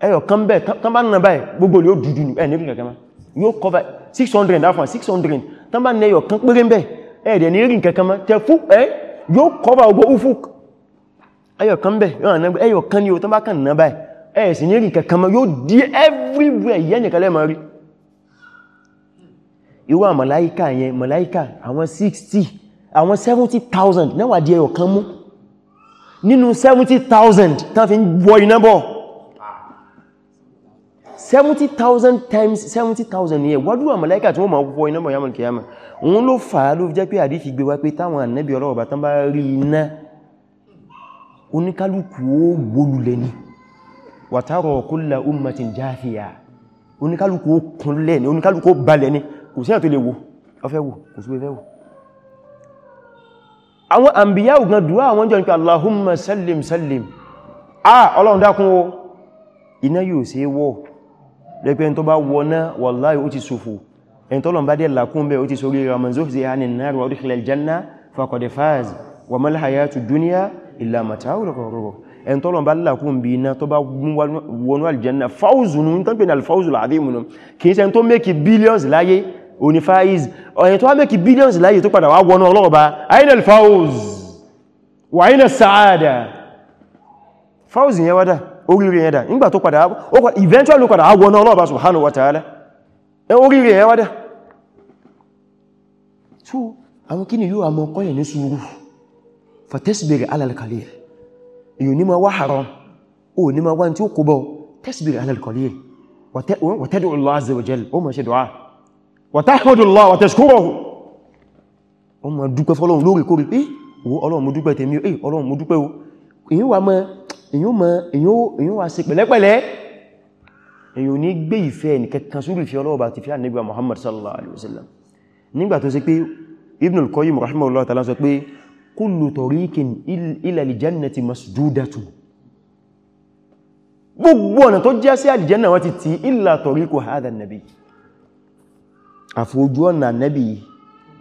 ẹyọ kan bẹ́ẹ̀ tán bá nà báyìí gbogbo yóò dúdú ẹ̀ nígbìnkàkàmá yóò cover 600 dáfà 600 tán bá nẹyọ kan péré bẹ́ẹ̀ ẹ̀ẹ̀dẹ̀ ní rí nǹkan kan mọ́ tẹfú ẹ́ yóò kọ́bà ogbó ufuk ẹyọ̀kan bẹ̀ ẹyọ̀kan ni o tán bá kàn náà báyìí ẹ̀ẹ̀sì ní rí nǹkan kan mọ́ yóò di everywhere yẹ́ nìkan lẹ́mọ̀ rí ìwà màláíkà yẹn màláíkà àwọn 60 àwọn 70,000 náà wà di ẹyọ̀kan mú nínú 70,000 tán fi ń wọ iná bọ̀ 70,000 times 70,000 ní ẹ̀wọ́dú àmàlẹ́kà tí wọ́n ma wọ́ iná mọ̀yàmọ̀ kìyàmà òun ló fà á ló jẹ́ pé àdífi gbé wá pé táwọn ànẹ́bí ọlọ́wọ̀ bá tán bá rí iná oníkálùkù ó wólulẹ̀ ni wa tara kulla ummatin jathiya oníkálùkù ó kúnlẹ̀ ni oníkálùkù ó balẹ̀ ni kò sí àtò lè wo ọfẹ́ wo kò sí fẹ́ wo àwọn àmbíyá ògùn dùá àwọn jọ ní pé Allahumma sallim sallim ah ọlọ́run dákun o iná yóò ṣe wọ́ rẹpẹ́ tó bá wọná wallahi ó ti sòfò ẹni tọ́lọ̀n bá dẹ̀ làkún bẹ́ ó ti sórí ra man zuhziha anin nar wa udkhila al-janna faqad faz wa mal hayatu dunya illa mata'ul ghurur ẹni tọ́lọ̀n bá làkún bí iná tó bá wọnú aljanna fáwùzùnú tán pè ní alfáwùzùl àdímùnú kìí ṣe tó mẹ́kì billions láyé òní fáìz ọ̀yẹn tó wá mẹ́kì billions oríire yẹn dà nígbà tó padà eventually padà wọná ọlọ́ọ̀bá subhanahu wa ta'ala oríire yẹn wádà so àwọn kí ni yóò àmọ́ kọ́yẹ̀ ní sùúrù fatasbir ala al-qalil èyàn ní ma wá haram o ma wá tí ó kó bọ́ tasbir ala al-qalil wa tad'u Allah azza wa jalla ma ṣe du'a wa tahmadu Allah wa ma dúpẹ́ fọ́lọ́run lóòrèkóòrè pé ọlọ́run mo dúpẹ́ tèmi ọlọ́run mo dúpẹ́ o èyí wà èyàn mọ̀ èyàn wà sí pẹ̀lẹ́pẹ̀lẹ́ èyàn ní gbé ìfẹ́ ẹnìkẹkàn sórí ìfẹ́ ọlọ́ọ̀bá ti fi ànẹ́gbà Muhammad sallallahu alaihi wasallam nígbà tó ṣe pé Ibn al-Qayyim rahimahullah ta'ala sọ pé kullu tariqin ila al-jannati masdudatu gbogbo ọ̀nà tó jẹ́ sí àlìjẹ́nà wọ́n ti tí illa tariqu hadha an-nabi àfojú ọ̀nà nabi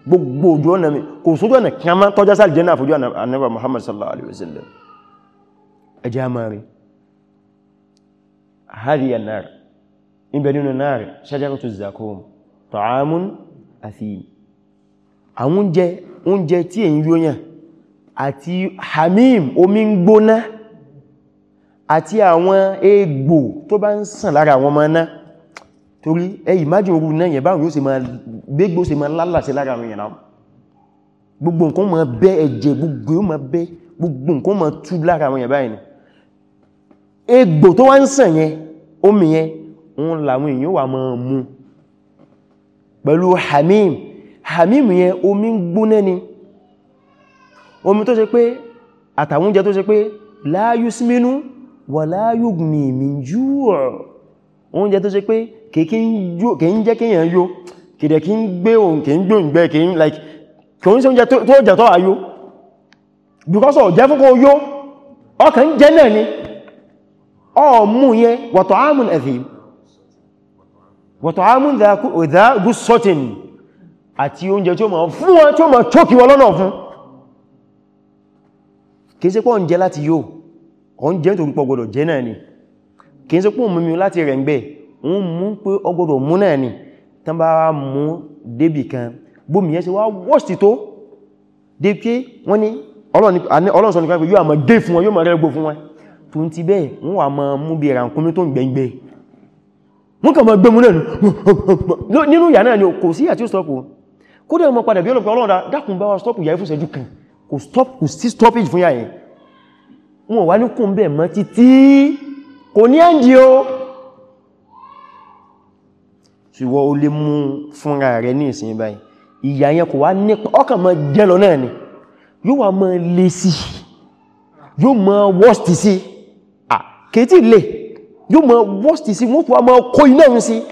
gbogbo ojú ọ̀nà kò sójú ọ̀nà kí a má tọ́já sí àlìjẹ́nà àfojú ọ̀nà Muhammad sallallahu alaihi wasallam ẹjẹ́ a máa rí hadiya náà ibẹ̀ nínú náà rí shajaratu zakum ta'amun athim àwọn oúnjẹ oúnjẹ tí èyí yóyàn àti hamim omi ń gbóná àti àwọn egbò tó bá ń sàn lára àwọn ọmọ náà torí ẹ imagine orú náà yẹn báwọn yóò ṣe máa gbégbó ṣe máa lálàsí lára àwọn èèyàn gbogbo nǹkan máa bẹ́ ẹ̀jẹ̀ gbogbo yóò máa gbogbo nǹkan máa tú lára àwọn èèyàn báyìí egbò tó wá ń sàn yẹn omi yẹn òun làwọn èèyàn wà máa mú pẹ̀lú hamim hamim yẹn omi ń gbóná ni omi tó ṣe pé àtàwọn tó ṣe pé la yusminu wà la yughni min ju' oúnjẹ tó ṣe pé kìí ń jẹ́ kí like kí oúnjẹ oúnjẹ tó because of jẹ́ fún kó yó ọmú yẹn wọ̀tọ̀ ámùn ẹ̀fìm wọ̀tọ̀ ámùn ìdágú sọ́tìn àti oúnjẹ tí ó máa fún wọn tí ó máa tókì wọn lọ́nà fún kìí ṣe pọ́ oúnjẹ láti yóò oúnjẹ tó rí pọ̀gbọ̀dọ̀ jẹ náà ni kìí ṣe pọ́ mímú láti rẹ̀ ń gbẹ̀ ń mú pé ọgbọ̀dọ̀ mú náà ni tán bá mú débì kan bómi yẹn ṣe wá wọ́sì tó dé pé wọ́n ni ọlọ́sọ̀ nípa pé yóò àmọ́ gé fún wọn yóò mọ̀ rẹ́gbò fún wọn tó ń ti bẹ́ẹ̀ wọ́n wà máa mú bí ẹ̀rànkúnmí tó ń gbẹ̀ngbẹ̀ wọ́n kàn máa gbẹ̀mú náà nínú ìyà náà ni kò sí àti ó stọ́pù kó dẹ̀ mọ́ padà bí ọlọ́pẹ́ ọlọ́dá dákùn bá wa stọ́pù yà fún ìṣẹ́jú kan kò sí stoppage fún yàyẹn wọ́n wá ní kò ń bẹ̀ mọ́ títí kò ní ẹ́ndì o ṣùgbọ́n ó lè mú fúnra rẹ̀ ní ìsìn báyìí ìyà yẹn kò wá sí yóò mọ́ worst sí kètí lè yóò mọ̀ wọ́stì sí wọ́n tó wọ́n kó iná ń sí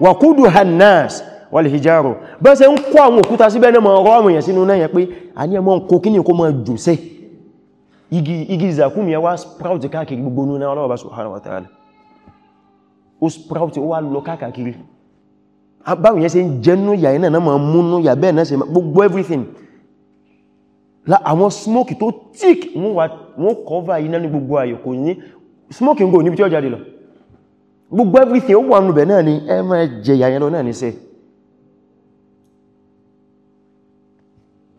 wàkúdù hannas wal hijaru bẹ́ ṣe ń kó àwọn òkúta síbẹ̀ náà rọrùn yẹn sínú náà yẹn pé igi ìzàkúnmí ẹwà sprout káàkiri gbogbo náà ọlọ́ọ̀bá subhanahu wa ta'ala ó sprout ó wá lọ káàkiri báwọn yẹn ṣe ń jẹnú yà iná náà máa múnú yà bẹ́ẹ̀ everything la àwọn smoke tó tík wọ́n cover iná ní gbogbo àyè kò smoking go níbi tí ó jáde lọ gbogbo everything ó wà nùbẹ̀ náà ni ẹ máa jẹ ìyàyẹn lọ náà ní sẹ́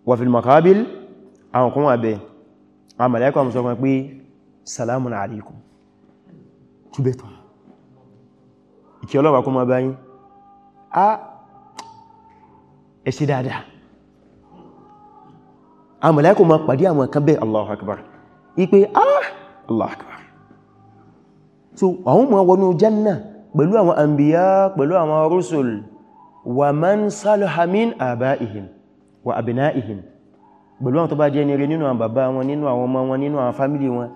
wàfil makabil àwọn kan wà bẹ̀ àmàlẹ́kọ̀ àmì sọ́kàn pé salamun alaikum túbẹ̀tọ̀ ìkẹ́ ọlọ́wà kó máa báyín a ẹ̀ṣẹ́ dáadáa àmàlẹ́kọ̀ máa pàdé àwọn kan bẹ́ Allahu akbar ipé a ah, Allah akbar so àwọn mọ̀ wọnú janna pẹ̀lú àwọn anbiya pẹ̀lú àwọn rusul wa man salaha min abaihim wa abnaihim pẹ̀lú àwọn tó bá jẹ́ ní rere nínú àwọn bàbá wọn nínú àwọn ọmọ wọn nínú àwọn fámílì wọn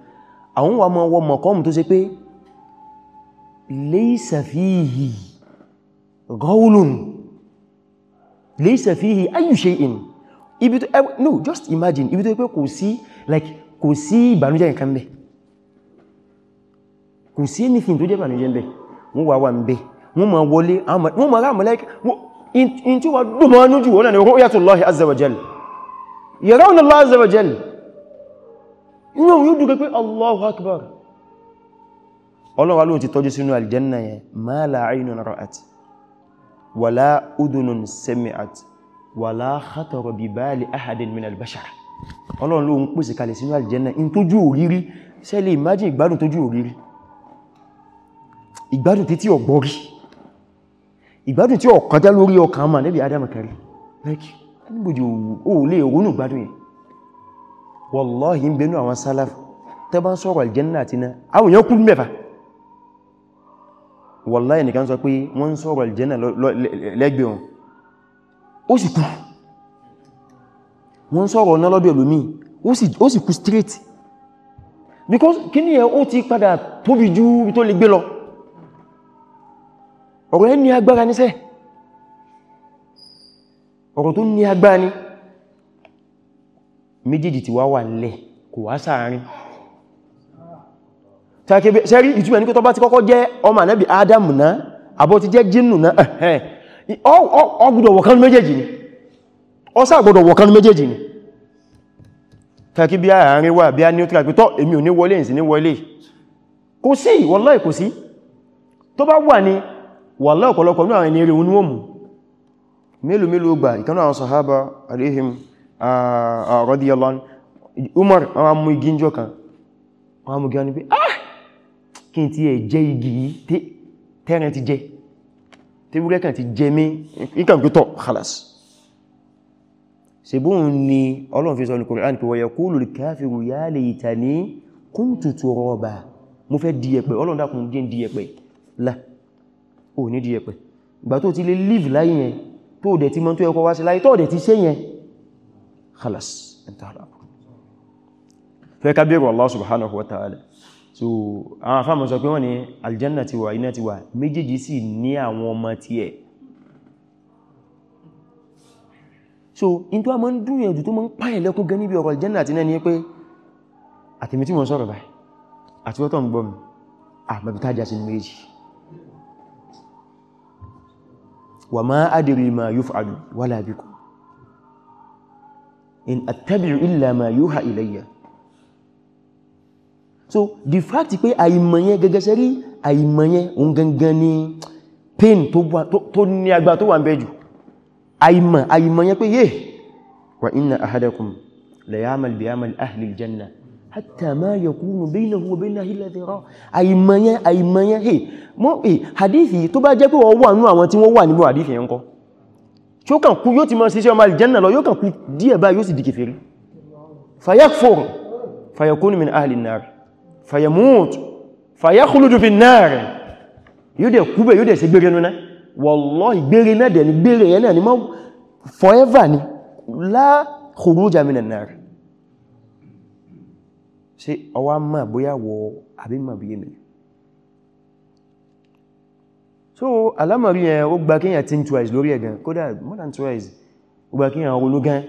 just imagine ibi tó pé kò sí like kò sí ìbànújẹ́ nǹkan bẹ́ẹ̀ kò sí anything tó jẹ́ bànújẹ́ ń bẹ̀ wọ́n wà wà ń bẹ̀ wọ́n ma wọlé wọ́n ma rá mọ̀lẹ́kẹ́ in tí wà dùnmọ́ nújù wọ́n ni ru'yatullahi azza wa jal yarawna Allah azza wa ọlọ́run ló ń pèsè kalẹ̀ sínú aljanna in tójú òrírí sẹ́lẹ̀ imagine ìgbádùn tójú òrírí ìgbádùn tí tí ò gbọ́rí ìgbádùn tí ò kọjá lórí ọkàn mà níbi adam kẹrì lẹ́kì níbòdì ò lè ronú gbádùn yẹn wallahi ń bẹnu àwọn salaf tẹ́ bá sọ̀rọ̀ aljanna àti iná àwọn èèyàn kú mẹ́fà wallahi nìkan sọ pé wọ́n sọ̀rọ̀ aljanna lẹ́gbẹ̀ wọn ó sì kú wọ́n because kí ni ẹ ó ti padà tóbi ju tó lè gbé lọ ọ̀rọ̀ ẹ ní agbára ní sẹ́ ọ̀rọ̀ tó ní agbára ní méjèèjì ti wá wà lẹ̀ kò wá sáàrin tàkébé sẹ́rí ìtúwẹ̀ ní kó tọ́bá ti kọ́kọ́ jẹ́ ọmọ ànábì adam náà àbọ́ ti jẹ́ jínù náà ọgbùdọ̀ wọ̀kan méjèèjì ni wàlá ọ̀pọ̀lọpọ̀ ní àwọn ẹni eré oníwọ̀n mú mélòó mélòó gbà ìkanú àwọn sahaba aléhìm radiyallahu umar àwọn mú igi jọ kan wọ́n mú gíwá ní pé ah kí n ti ẹ̀ jẹ́ igi yìí tẹ́rin ti jẹ́ tẹ́búrẹ́ kan ti jẹ́ mí ìkànkútọ̀ khalas sebóhun ni ọlọ́run fi sọ ní Qur'an ò ní di ẹ̀pẹ̀ ìgbà tó ti lè live láyé yẹn tó dẹ̀ ti mọ́ tó ẹkọ wá sí láyé tó dẹ̀ ti ṣe yẹn khalas fẹ́ ká bẹ̀rù Allah subhanahu wa ta'ala so àwọn afáàmù sọ pé wọ́n ni aljanna ti wà iná ti wà méjèèjì sì ní àwọn ọmọ ti ẹ̀ so in tó a máa ń dùn ẹ̀dù tó máa ń páyẹ̀ lẹ́kún gan níbi ọ̀rọ̀ aljanna àti náà ni pé àtìmí tí wọ́n sọ̀rọ̀ báyìí àti wọ́tọ̀ ń gbọ́ mi àmàbítájà sí méjì wa ma adri ma yuf'alu wala bikum in attabi'u illa ma yuha ilayya so the fact pé àìmọ̀yẹn gẹ́gẹ́ sẹ́rí àìmọ̀yẹn òun gangan ni pain tó ní agbá tó wà ń bẹ́jù àìmọ̀ àìmọ̀yẹn pé yé wa inna ahadakum la ya'mal bi amal ahli aljanna حتى hatta ma yakunu bainahu wa bainaha illa dhira àìmọ̀yẹn àìmọ̀yẹn hey mo eh hadithi tó bá jẹ́ pé wọ́n wà nú àwọn tí wọ́n wà níbo hadithi yẹn kọ́ tí ó kàn kú yóò ti máa ṣiṣẹ́ ọmọ aljanna lọ yóò kàn kú díẹ̀ bá yóò sì di kèfèrí fayakfur fayakunu min ahli an-nar fayamut fayakhludu fi an-nar yóò dẹ̀ kú bẹ̀ yóò dẹ̀ ṣe gbére nuna wallahi gbére náà dẹ̀ ni gbére yẹn náà ni mọ́ forever ni la khuruja min an-nar ṣe ọwá mọ̀ bóyá wọ àbí mọ̀ bí èmì so alámọ̀rí ẹ̀ ó gba kíyàn think twice lórí ẹ̀gàn kódà more than twice ó gba kíyàn ronú gan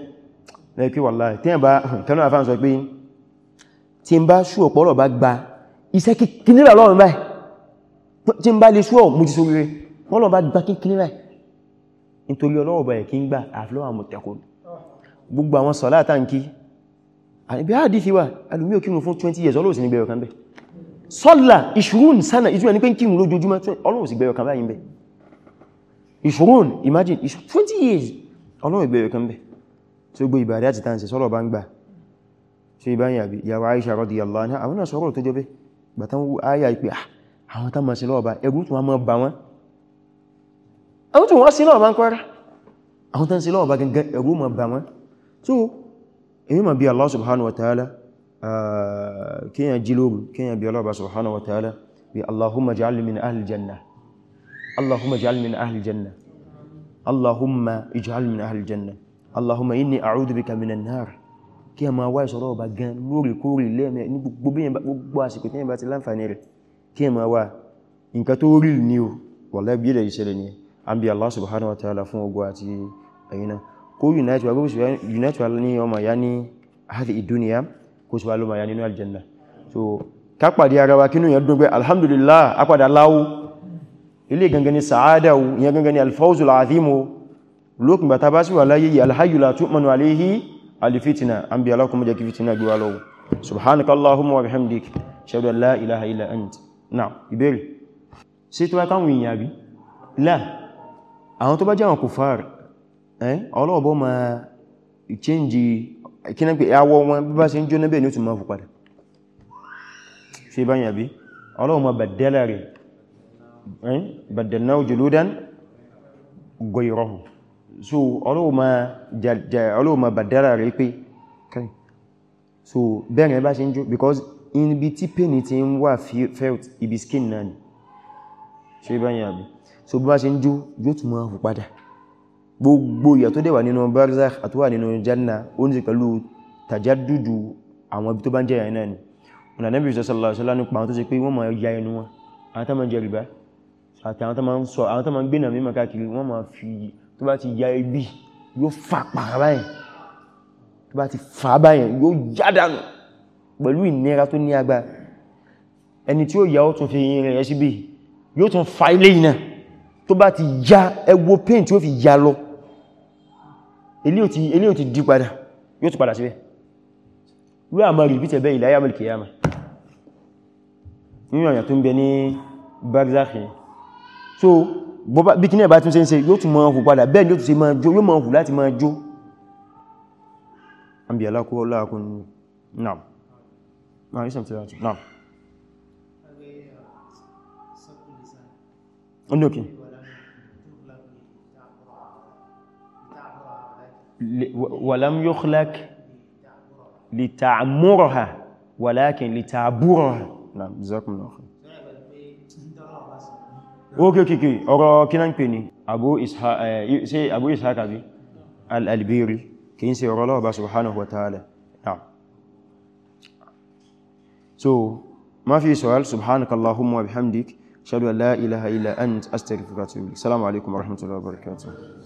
lẹ́kí wallahi tí ẹ̀bá kanáà fáà sọ pé tí ń bá ṣú ọ̀pọ̀rọ̀ bá gba iṣẹ́ kíkínlẹ̀ lọ́rùn báyìí tí ń bá lè ṣú ọ̀ mú ti sórí rẹ̀ wọ́n lọ bá gba kíkínlẹ̀ nítorí ọlọ́wọ̀ báyìí kí ń gbà àníbí àdífí wà alùmí òkírùn fún 20 years ọlọ́wọ̀sí ní gbẹ̀rẹ̀ kan bẹ́ sọ́là ìṣòrún sánà ìtúwẹ̀ ní pé kírùn lójoojúmọ́ ọlọ́wọ̀sí gbẹ̀rẹ̀ kan báyìí bẹ́ ìṣòrún imagine 20 years ọlọ́wọ̀ gbẹ̀rẹ̀ kan bẹ́ tí ó gbé ìbàdí àti tàǹsì sọ́lọ̀ bá ń gbà ṣe ìbáyìn àbí ìyàwó Aisha radiyallahu anha àwọn sọ́rọ̀ tó jọ bẹ́ gbàtán wú ayà ìpé ah, àwọn tán ma sí lọ́ọ̀bá ẹgbùn tún wọ́n mọ́ bà wọ́n àwọn tún wọ́n sí lọ́ọ̀bá ń kọ́ra àwọn tán sí lọ́ọ̀bá gangan ẹgbùn mọ́ bà wọ́n èmi ma bí Allah subhanahu wa ta'ala ah, kíyàn jílòrù kíyàn bí Allah subhanahu wa ta'ala bí Allahumma ja'alni min ahli janna Allahumma ja'alni min ahli janna Allahumma ij'alni min ahli janna Allahumma inni a'udhu bika minan nar kí a máa wá ìṣọ́rọ̀ ọba gan lóòrèkóòrè lẹ́mẹ́ ní gbogbo àsìkò tí yẹn bá ti láǹfààní rẹ̀ kí a máa wá nǹkan tó rí ní o wà lábí rẹ̀ ni an bí Allah subhanahu wa ta'ala fún ogun àti ẹ̀yìnà kó unite wa unite wa ní ọmọ ìyá ní ahli ìdúnìyà kó sì wá lọ́mọ ìyá nínú aljanna so kápàdé ara wa kínú yẹn dùn pé alhamdulillah apàdà láwú ilé gangan ni sa'ada ìyẹn gangan ni alfawzul azimu lókùn bàtà bá sí wà láyé yìí alhayyu la tu'manu alayhi alfitina an bí alákùnmọ́ jẹ́ kí fitina lọ́wọ́ subhanakallahumma wa bihamdik shahadu la ilaha illa ant na'am ìbéèrè sí tó bá káwọn èèyàn àbí àwọn tó bá jẹ́ àwọn kùfààrì Eh? ọlọ́ọ̀bọ́ ma change kíná pé àwọ̀ wọn bí bá ṣe ń jóná bẹ́ẹ̀ ni ó ti máa fò padà ṣe bá yàbí ọlọ́ọ̀ ma bàdẹ́lá rẹ̀ eh? bàdẹ̀lá juludan ghayrahu so ọlọ́ọ̀ ma bàdẹ́lá rẹ̀ pé kai so bẹ́ẹ̀rẹ̀ bá ṣe ń jó because ibi tí pain ti ń wà felt ibi skin náà ni ṣe bá yàbí so bí bá ṣe ń gbogbo ìyà tó dẹ̀ wà nínú barzakh àti wà nínú janna ó ní sí pẹ̀lú tajadudu àwọn ibi tó bá ń jẹ́ ìyà náà ni ọ̀nà Ànábì sallallahu alaihi wasallam nípa àwọn tó ṣe pé wọ́n máa ya ẹnu wọn àwọn tó máa jẹ rìbá àti àwọn tó máa ń sọ àwọn tó máa ń gbénà mímọ̀ káàkiri wọ́n máa fi tó bá ti ya ibi yóò fà pàrà báyẹn tó bá ti já dànù pẹ̀lú ìnira tó ní agbára ẹni tí ó yà ó tún fi yin pain tí ó fi ya ilé ò ti di padà yóò ti padà síbẹ̀ wí àmà rí pítẹ̀ bẹ́ ìlàyà mẹ́lìkìyàmà nínú àyà tó ń bẹ ní barzakh so bí kí ní ẹ̀bá tún ṣe ń ṣe yóò tún mọ́ hù padà bẹ́ẹ̀ yóò tún ṣe máa jó yóò mọ́ hù láti máa jó àbí alákúrọ́ láàkún náà náà rí sàmtí láti náà ولم يخلق لتعمرها ولكن لتعبرها نعم جزاكم الله خير اوكي اوكي اوكي اورا كي نبيني ابو اسحاق سي ابو اسحاق ابي الالبيري كين سي الله سبحانه وتعالى نعم سو so, ما في سؤال سبحانك اللهم وبحمدك اشهد ان لا اله الا انت استغفرك واتوب السلام عليكم ورحمه الله وبركاته